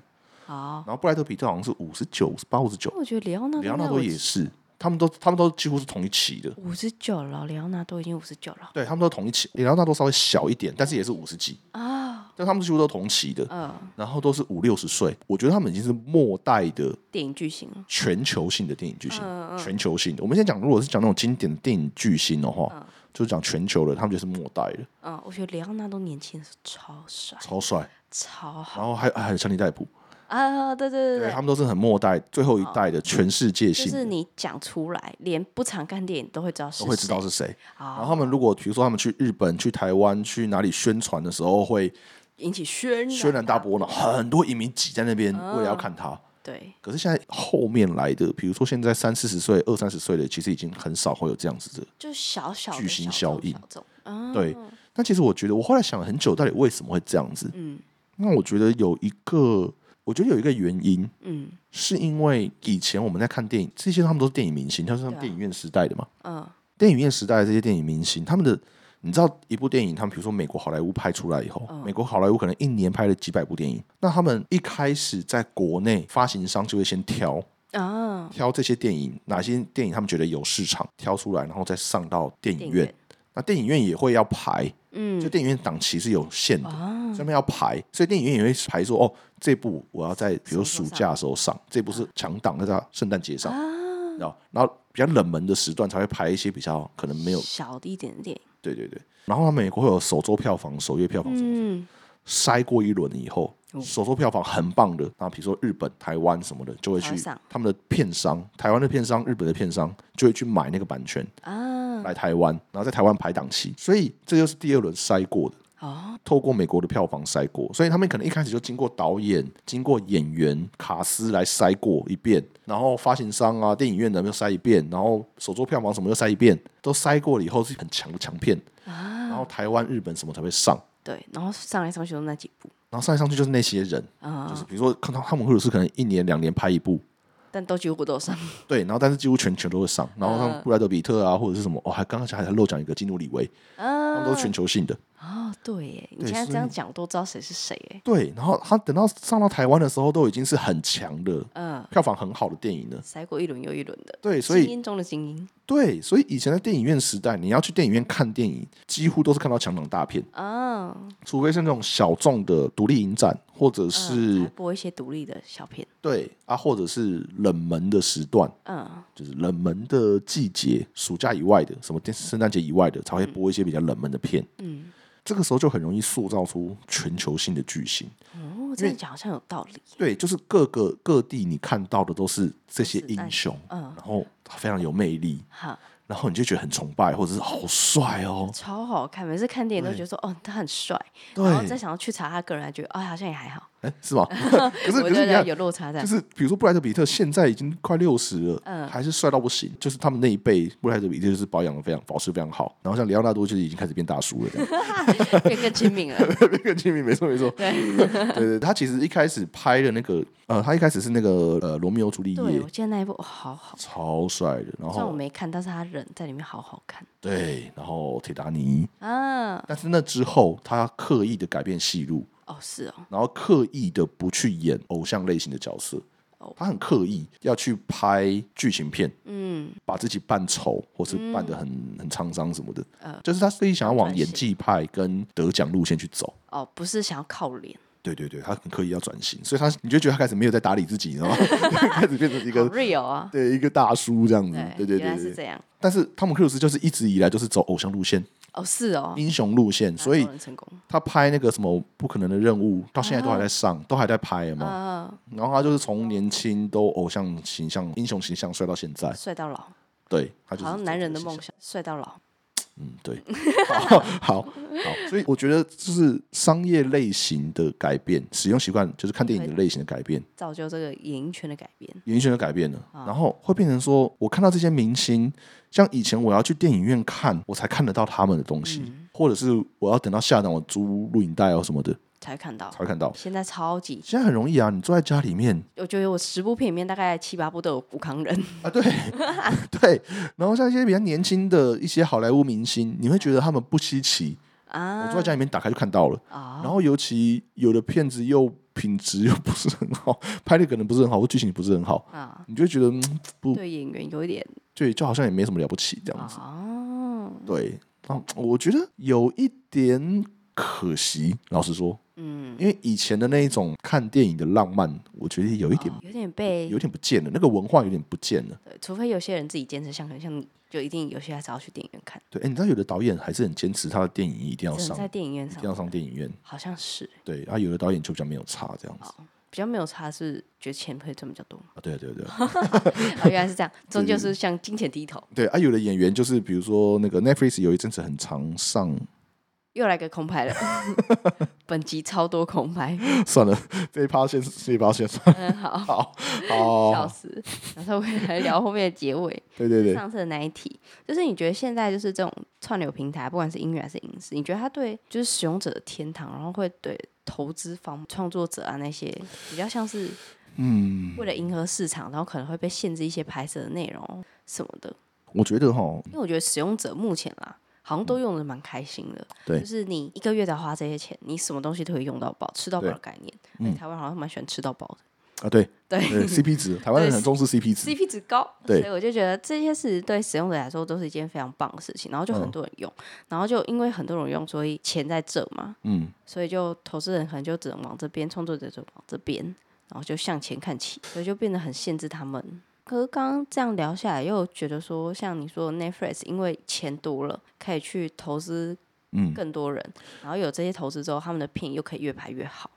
好，然後布萊德·彼特好像是五十九，五十八、五十九，我覺得李奧納李奧納多也是。嗯他們都他們都幾乎是同一期的，五十九了，李奧納多已經五十九了。對，他們都同一期。李奧納多稍微小一點，但是也是五十幾啊。但、oh. 他們幾乎都同期的，嗯、uh.，然後都是五六十歲，我覺得他們已經是末代的電影巨星，全球性的電影巨星，uh. 全球性的。我們先講，如果是講那種經典的電影巨星的話，uh. 就是講全球的，他們就是末代的。嗯、uh.，我覺得李奧納多年輕時超帥，超帥，超帥。超好。然後還有還強尼戴普。啊、uh,，對對對，對，對他們都是很末代、最後一代的全世界性。就是你講出來，連不常看電影都會知道誰。都會知道是誰、oh. 然後他們如果比如說他們去日本、去台灣、去哪裡宣傳的時候會，會引起軒然大波，很多影迷擠在那邊為了要看他。Oh. 對。可是現在後面來的，比如說現在三四十歲、二三十歲的，其實已經很少會有這樣子的，就小小巨星效應。小小小種小種 uh. 對。那其實我覺得，我後來想了很久，到底為什麼會這樣子？嗯，那我覺得有一個。我覺得有一個原因，嗯，是因為以前我們在看電影，這些他們都是電影明星，他們是電影院時代的嘛、啊，嗯，電影院時代的這些電影明星，他們的你知道一部電影，他們比如說美國好萊塢拍出來以後、嗯，美國好萊塢可能一年拍了幾百部電影，那他們一開始在國內發行商就會先挑啊、哦，挑這些電影，哪些電影他們覺得有市場，挑出來，然後再上到電影院。那電影院也會要排，嗯，就電影院檔期是有限的，啊，上面要排，所以電影院也會排說，哦，這部我要在比如暑假的時候上，上這部是強檔，要在聖誕節上，啊，然後比較冷門的時段才會排一些比較可能沒有小的一點點影，對對對，然後美國會有首週票房、首月票房什麼。嗯篩過一輪以後，首、嗯、週票房很棒的，那比如說日本、台灣什麼的，就會去他們的片商，台灣的片商、日本的片商就會去買那個版權啊、嗯，來台灣，然後在台灣排檔期。所以這就是第二輪篩過的、哦、透過美國的票房篩過，所以他們可能一開始就經過導演、經過演員卡司來篩過一遍，然後發行商啊、電影院的又篩一遍，然後首週票房什麼又篩一遍，都篩過了以後是很強的強片啊，然後台灣、日本什麼才會上。對，然後上來上去都那幾部，然後上來上去就是那些人，嗯、就是比如說看到他們或者是可能一年兩年拍一部，但都幾乎不都上。對，然後但是幾乎全球都會上，然後像布萊德彼特啊或者是什麼哦，還剛剛才還在漏講一個基努李維，他、嗯、們都全球性的。哦，對，你現在這樣講，都知道誰是誰，哎。對，然後他等到上到台灣的時候，都已經是很強的，嗯，票房很好的電影了，篩過一輪又一輪的。對，所以精英中的精英。對，所以以前在電影院時代，你要去電影院看電影，幾乎都是看到強檔大片啊，嗯，除非是那種小眾的獨立影展，或者是，嗯，播一些獨立的小片。對啊，或者是冷門的時段，嗯，就是冷門的季節，暑假以外的，什麼電聖誕節以外的，才會播一些比較冷門的片，嗯。這個時候就很容易塑造出全球性的巨星。哦、嗯，這樣講好像有道理。對，就是各個各地你看到的都是這些英雄，嗯，然後他非常有魅力，好、嗯，然後你就覺得很崇拜，或者是好帥哦，超好看。每次看電影都覺得說，哦，他很帥，然後再想要去查他個人，覺得哎，哦，好像也還好。哎、欸，是嗎？ 可，是可是你看，有落差在。就是比如說布萊德彼特現在已經快六十了，嗯，還是帥到不行。就是他們那一輩布萊德彼特就是保養得非常，保持非常好。然後像里奧納多就是已經開始變大叔了， 變更親民了， 變更親民。沒錯，沒錯。 對，對對他其實一開始拍的那個呃，他一開始是那個呃羅密歐朱麗葉，我記得那一部好好，超帥的。然雖然我沒看，但是他人在裡面好好看。對，然後鐵達尼嗯，但是那之後他刻意的改變戲路。哦，是哦，然後刻意的不去演偶像類型的角色，哦、他很刻意要去拍劇情片，嗯，把自己扮醜或是扮得很、嗯、很滄桑什麼的、呃，就是他刻意想要往演技派跟得獎路線去走。哦，不是想要靠臉。對對對，他很刻意要轉型，所以他你就覺得他開始沒有在打理自己，哦， 開始變成一個 real 啊，對，一個大叔這樣子，對對對對，是這，對是這樣。但是湯姆克魯斯就是一直以來都是走偶像路線。哦，是哦，英雄路線、啊，所以他拍那個什麼不可能的任務，啊、到現在都還在上，啊、都還在拍嘛、啊。然後他就是從年輕都偶像形象、啊、英雄形象帥到現在，帥到老。對，他就是好像男人的夢想，帥到老。嗯，對，好好，好，好，所以我覺得就是商業類型的改變，使用習慣就是看電影的類型的改變，造就這個演藝圈的改變，演藝圈的改變了，然後會變成說，我看到這些明星，像以前我要去電影院看，我才看得到他們的東西，嗯、或者是我要等到下檔我租錄影帶啊、哦、什麼的。才看到，啊，才看到，現在超級，現在很容易啊！你坐在家裡面，我覺得我十部片裡面大概七八部都有古康人啊，對 對。然後像一些比較年輕的一些好萊塢明星，你會覺得他們不稀奇啊。我坐在家裡面打開就看到了啊。然後尤其有的片子又品質又不是很好，拍的可能不是很好，或劇情不是很好啊，你就覺得不對演員有一點，對，就好像也沒什麼了不起這樣子哦、啊。對、啊，我覺得有一點可惜，老實說。因為以前的那一種看電影的浪漫，我覺得有一點、哦、有點被有，有點不見了，那個文化有點不見了。對，除非有些人自己堅持像，像像就一定有些還是要去電影院看。對，哎、欸，你知道有的導演還是很堅持，他的電影一定要上在電影院上，一定要上電影院。好像是對啊，有的導演就比較沒有差這樣子，比較沒有差是覺得錢可以賺比較多嘛、啊？對、啊、對、啊、對、啊對啊 啊，原來是這樣，終究是向金錢低頭對。對啊，有的演員就是比如說那個 Netflix 有一陣子很常上。又來個空拍了 本集超多空拍。 算了，這一趴先，這一趴先算。嗯，好，好，好，笑死。然後我們來聊後面的結尾。 對對對，對，上次的那一題，就是你覺得現在就是這種串流平台，不管是音樂還是影視，你覺得它對就是使用者的天堂，然後會對投資方、創作者啊那些比較像是嗯，為了迎合市場，然後可能會被限制一些拍攝的內容什麼的。我覺得哈，因為我覺得使用者目前啦。好像都用的蠻開心的、嗯，對，就是你一個月在花這些錢，你什麼東西都可以用到飽，吃到飽的概念、啊哎嗯。台灣好像蠻喜歡吃到飽的、啊對，對，對，對，CP 值，台灣人很重視 CP 值，CP 值高，對，所以我就覺得這些事對使用者來說都是一件非常棒的事情，然後就很多人用，嗯、然後就因為很多人用，所以錢在這嘛，嗯，所以就投資人可能就只能往這邊，創作者就往這邊，然後就向錢看齊，所以就變得很限制他們。可是剛剛這樣聊下來，又覺得說，像你說的 Netflix，因為錢多了，可以去投資，更多人、嗯，然後有這些投資之後，他們的片又可以越拍越好。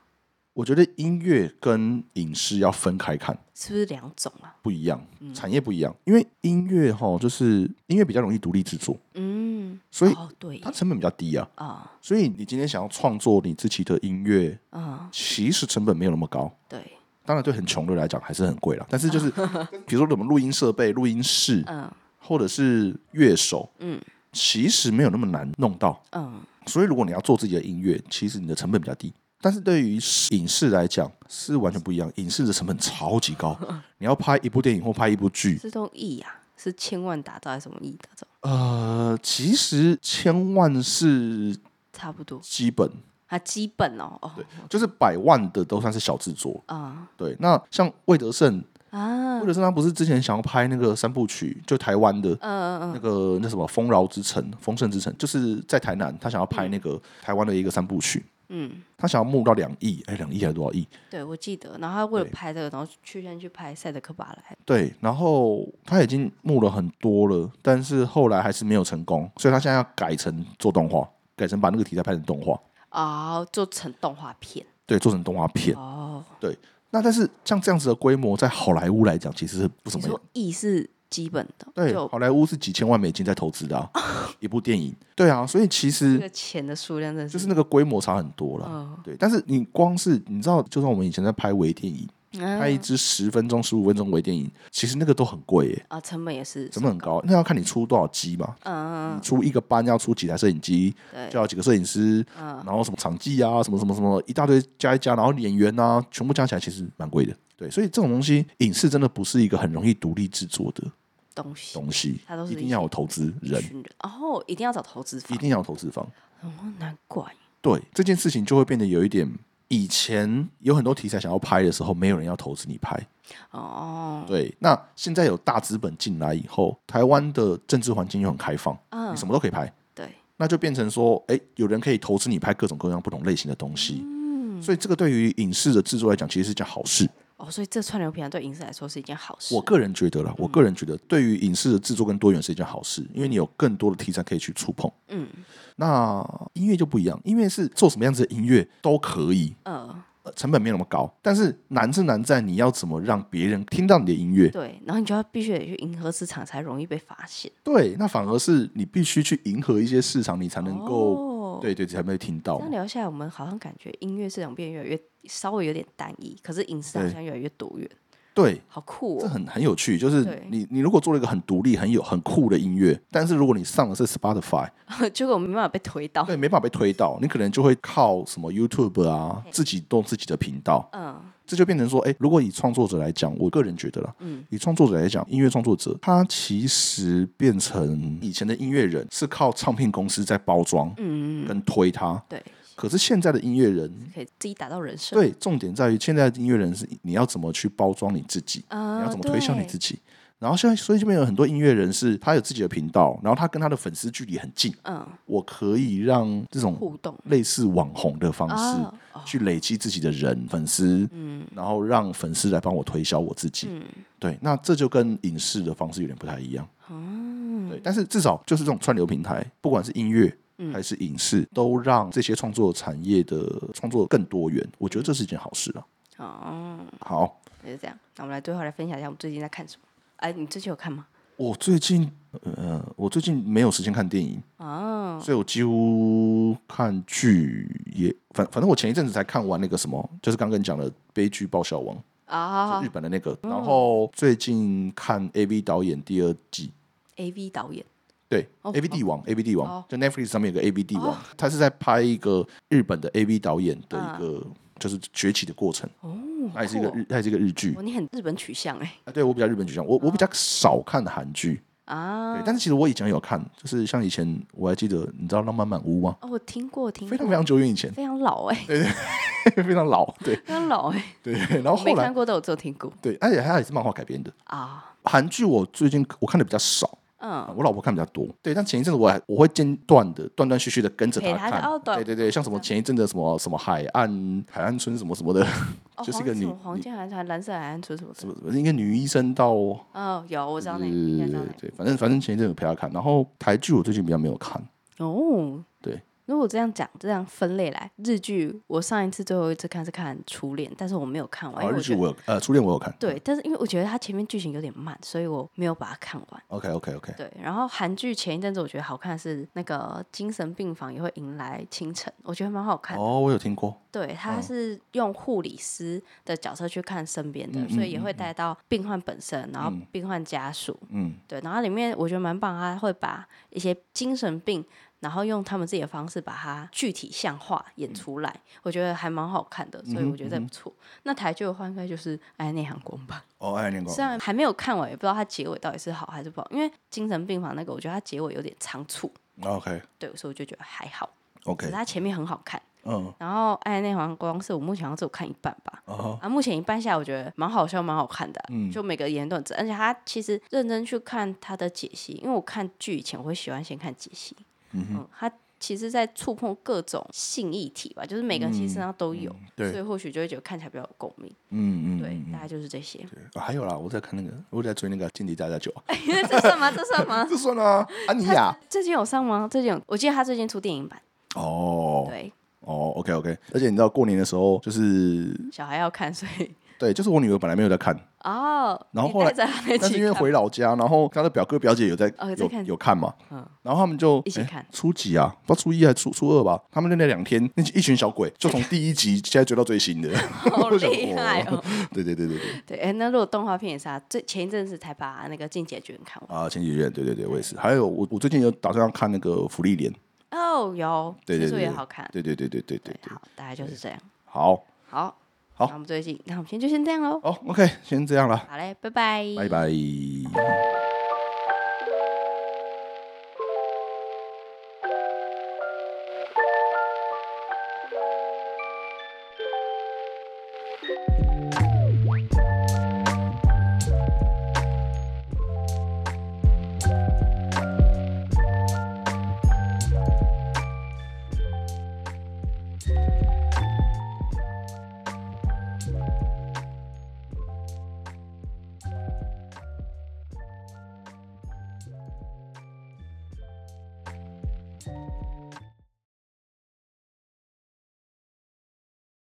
我覺得音樂跟影視要分開看，是不是兩種啊？不一樣、嗯，產業不一樣。因為音樂哈，就是音樂比較容易獨立製作，嗯，所以對它成本比較低啊啊、哦。所以你今天想要創作你自己的音樂啊、哦，其實成本沒有那麼高。對。當然，對很窮的來講還是很貴了。但是就是，啊、呵呵，比如說我們錄音設備、錄音室、嗯，或者是樂手，嗯，其實沒有那麼難弄到。嗯，所以如果你要做自己的音樂，其實你的成本比較低。但是對於影視來講是完全不一樣，影視的成本超級高。嗯，你要拍一部電影或拍一部劇，這種億啊，是千萬打造還是什麼億打造？呃，其實千萬是差不多基本。啊，基本哦，哦，對，就是百萬的都算是小製作啊、嗯。對，那像魏德聖，啊，魏德聖他不是之前想要拍那個三部曲，就台灣的，那個，嗯嗯嗯，那個那什麼《豐饒之城》《豐盛之城》，就是在台南，他想要拍那個、嗯、台灣的一個三部曲。嗯，他想要募到兩億，哎、欸，兩億還是多少億？對，我記得。然後他為了拍這個，然後去先去拍《賽德克巴萊》。對，然後他已經募了很多了，但是後來還是沒有成功，所以他現在要改成做動畫，改成把那個題材拍成動畫。啊、oh,，做成動畫片，對，做成動畫片。哦、oh.，對，那但是像這樣子的規模，在好萊塢來講，其實是不怎麼樣。億是基本的，對，好萊塢是幾千萬美金在投資的、啊，oh. 一部電影。對啊，所以其實那個錢的數量，就是那個規模差很多了。對，但是你光是你知道，就算我們以前在拍微電影。拍一支十分鐘、十五分鐘微電影，其實那個都很貴耶。啊，成本也是，成本很高。那要看你出多少機嘛。嗯，你出一個班要出幾台攝影機，叫幾個攝影師，嗯，然後什麼場記啊，什麼什麼什麼，一大堆加一加，然後演員啊，全部加起來其實蠻貴的。對，所以這種東西影視真的不是一個很容易獨立製作的東西，東西它一定要有投資人，然後一定要找投資方，一定要有投資方。哦，難怪。對，這件事情就會變得有一點。以前有很多題材想要拍的時候，沒有人要投資你拍，哦、oh.，對。那現在有大資本進來以後，台灣的政治環境又很開放，嗯、oh.，你什麼都可以拍，對。那就變成說，哎，有人可以投資你拍各種各樣不同類型的東西，嗯、mm.，所以這個對於影視的制作來講，其實是一件好事。哦，所以這串流平台對影視來說是一件好事。我個人覺得啦，嗯、我個人覺得，對於影視的制作跟多元是一件好事，嗯，因為你有更多的題材可以去觸碰。嗯，那音樂就不一樣，音樂是做什麼樣子的音樂都可以。嗯、呃，成本沒那麼高，但是難是難在你要怎麼讓別人聽到你的音樂。對，然後你就要必須得去迎合市場，才容易被發現。對，那反而是你必須去迎合一些市場，你才能夠、哦。哦對對，還沒聽到。剛聊下來，我們好像感覺音樂這種變越來越稍微有點單一，可是影視好像越來越多元。對，好酷哦，這很很有趣。就是你你如果做了一個很獨立、很有很酷的音樂，但是如果你上的是 Spotify，結 果我沒辦法被推到，對，沒辦法被推到，你可能就會靠什麼 YouTube 啊，自己動自己的頻道。嗯。這就變成說誒，如果以創作者來講，我個人覺得啦、嗯，以創作者來講，音樂創作者他其實變成以前的音樂人是靠唱片公司在包裝，嗯，跟推他、嗯，對。可是現在的音樂人可以自己打造人設，對，重點在於現在的音樂人是你要怎麼去包裝你自己，哦、你要怎麼推銷你自己。然後現在，所以這邊有很多音樂人士，他有自己的頻道，然後他跟他的粉絲距離很近。嗯，我可以讓這種類似網紅的方式，去累積自己的人、哦、粉絲，嗯，然後讓粉絲來幫我推銷我自己。嗯，對，那這就跟影視的方式有點不太一樣。嗯、對，但是至少就是這種串流平台，不管是音樂還是影視，嗯、都讓這些創作產業的創作更多元。我覺得這是一件好事了、啊。哦、嗯，好，就是這樣。那我們來最後來分享一下，我們最近在看什麼。哎、啊，你最近有看嗎？我最近，呃，我最近沒有時間看電影啊，oh. 所以我幾乎看劇也反反正我前一陣子才看完那個什麼，就是剛剛跟你講的《悲劇爆笑王》啊、oh.，日本的那個。然後最近看 A V 導演第二季，A V 導演對、oh. A V 帝王、oh. A V 帝王，就 Netflix 上面有個 A V 帝王，oh. 他是在拍一個日本的 A V 導演的一個。Oh. 啊就是崛起的過程哦，那也是一個日，那、哦、是一個日劇、哦。你很日本取向哎啊，對，我比較日本取向，我、啊、我比較少看韓劇啊。對，但是其實我以前有看，就是像以前我還記得，你知道《浪漫滿屋》嗎？哦，我聽過，聽過。非常非常久遠以前，非常老哎，對對，非常老，對，非常老哎，對。然後後來看過都我有做聽過，對，而且它也是漫畫改編的啊。韓劇我最近我看的比較少。嗯、啊，我老婆看比較多，對，但前一陣子我還，我會間斷的，斷斷續續的跟着她看他，對對對，像什麼前一陣子的什麼什麼海岸海岸村、什麼什麼的，哦、 就是一個女黃金海岸藍色海岸村什麼什麼，一個女醫生到，哦，有，我知道那個，對、呃、對對，反正反正前一陣子我陪她看，然後台劇我最近比較沒有看哦。如果這樣講，這樣分類來，日劇我上一次最後一次看是看《初戀》，但是我沒有看完。日劇我有呃，《初戀》我有看。對，但是因為我覺得它前面劇情有點慢，所以我沒有把它看完。OK OK OK。對，然後韓劇前一陣子我覺得好看的是那個《精神病房也會迎來清晨》，我覺得蠻好看。哦、oh，我有聽過。對，它是用護理師的角色去看身邊的、嗯，所以也會帶到病患本身，然後病患家屬。嗯。對，然後裡面我覺得蠻棒，他會把一些精神病。然後用他們自己的方式把它具體像化演出來、嗯，我覺得還蠻好看的，嗯、所以我覺得還不錯。嗯、那台劇的話應該就是《愛愛內含光》吧？哦，《愛內含光》雖然還沒有看完，也不知道它結尾到底是好還是不好。因為精神病房那個，我覺得它結尾有點倉促。OK，對，所以我就覺得還好。OK，可是它前面很好看。嗯、Okay.。然後《愛愛內含光》是我目前好像只有看一半吧。Oh. 啊。目前一半下我覺得蠻好笑、蠻好看的、啊。嗯。就每個片段，而且它其實認真去看它的解析，因為我看劇以前我會喜歡先看解析。嗯，他、嗯嗯、其實，在觸碰各種性議題吧，就是每個人身上都有、嗯嗯對，所以或許就會覺得看起來比較有共鳴。嗯嗯，對，嗯嗯，大概就是這些。對、啊、還有啦，我在看那個，我在追那個《間諜家家酒》欸。哎，這算嗎？這算嗎？ 這算啊！安、啊、妮亞、啊，最近有上嗎？最近有，我記得他最近出電影版。哦。對。哦，OK OK，而且你知道過年的時候就是小孩要看，所以。對，就是我女兒本來沒有在看，哦、oh，然後後來但是因為回老家，然後她的表哥表姐有在、oh, 有有，有看嘛，嗯，然後他們就一起看。欸、初幾啊？不知道初一還是初初二吧？他們那那兩天那一群小鬼就從第一集現在追到最新的。 好厲害哦， 哦！對對對對，哎，那如果動畫片也是啊，最前一陣子才把那個《進擊的巨人》看完啊，《進擊的巨人》對對對，我也是。嗯、還有我我最近有打算要看那個《芙莉蓮》哦、oh, 有。聽說也好看，對對對對對對對，對，對，對，對。好，大概就是這樣。好，好。好，那我們最近，那我們先就先這樣嘍。好，oh，OK，先這樣了。好嘞，拜拜。拜拜。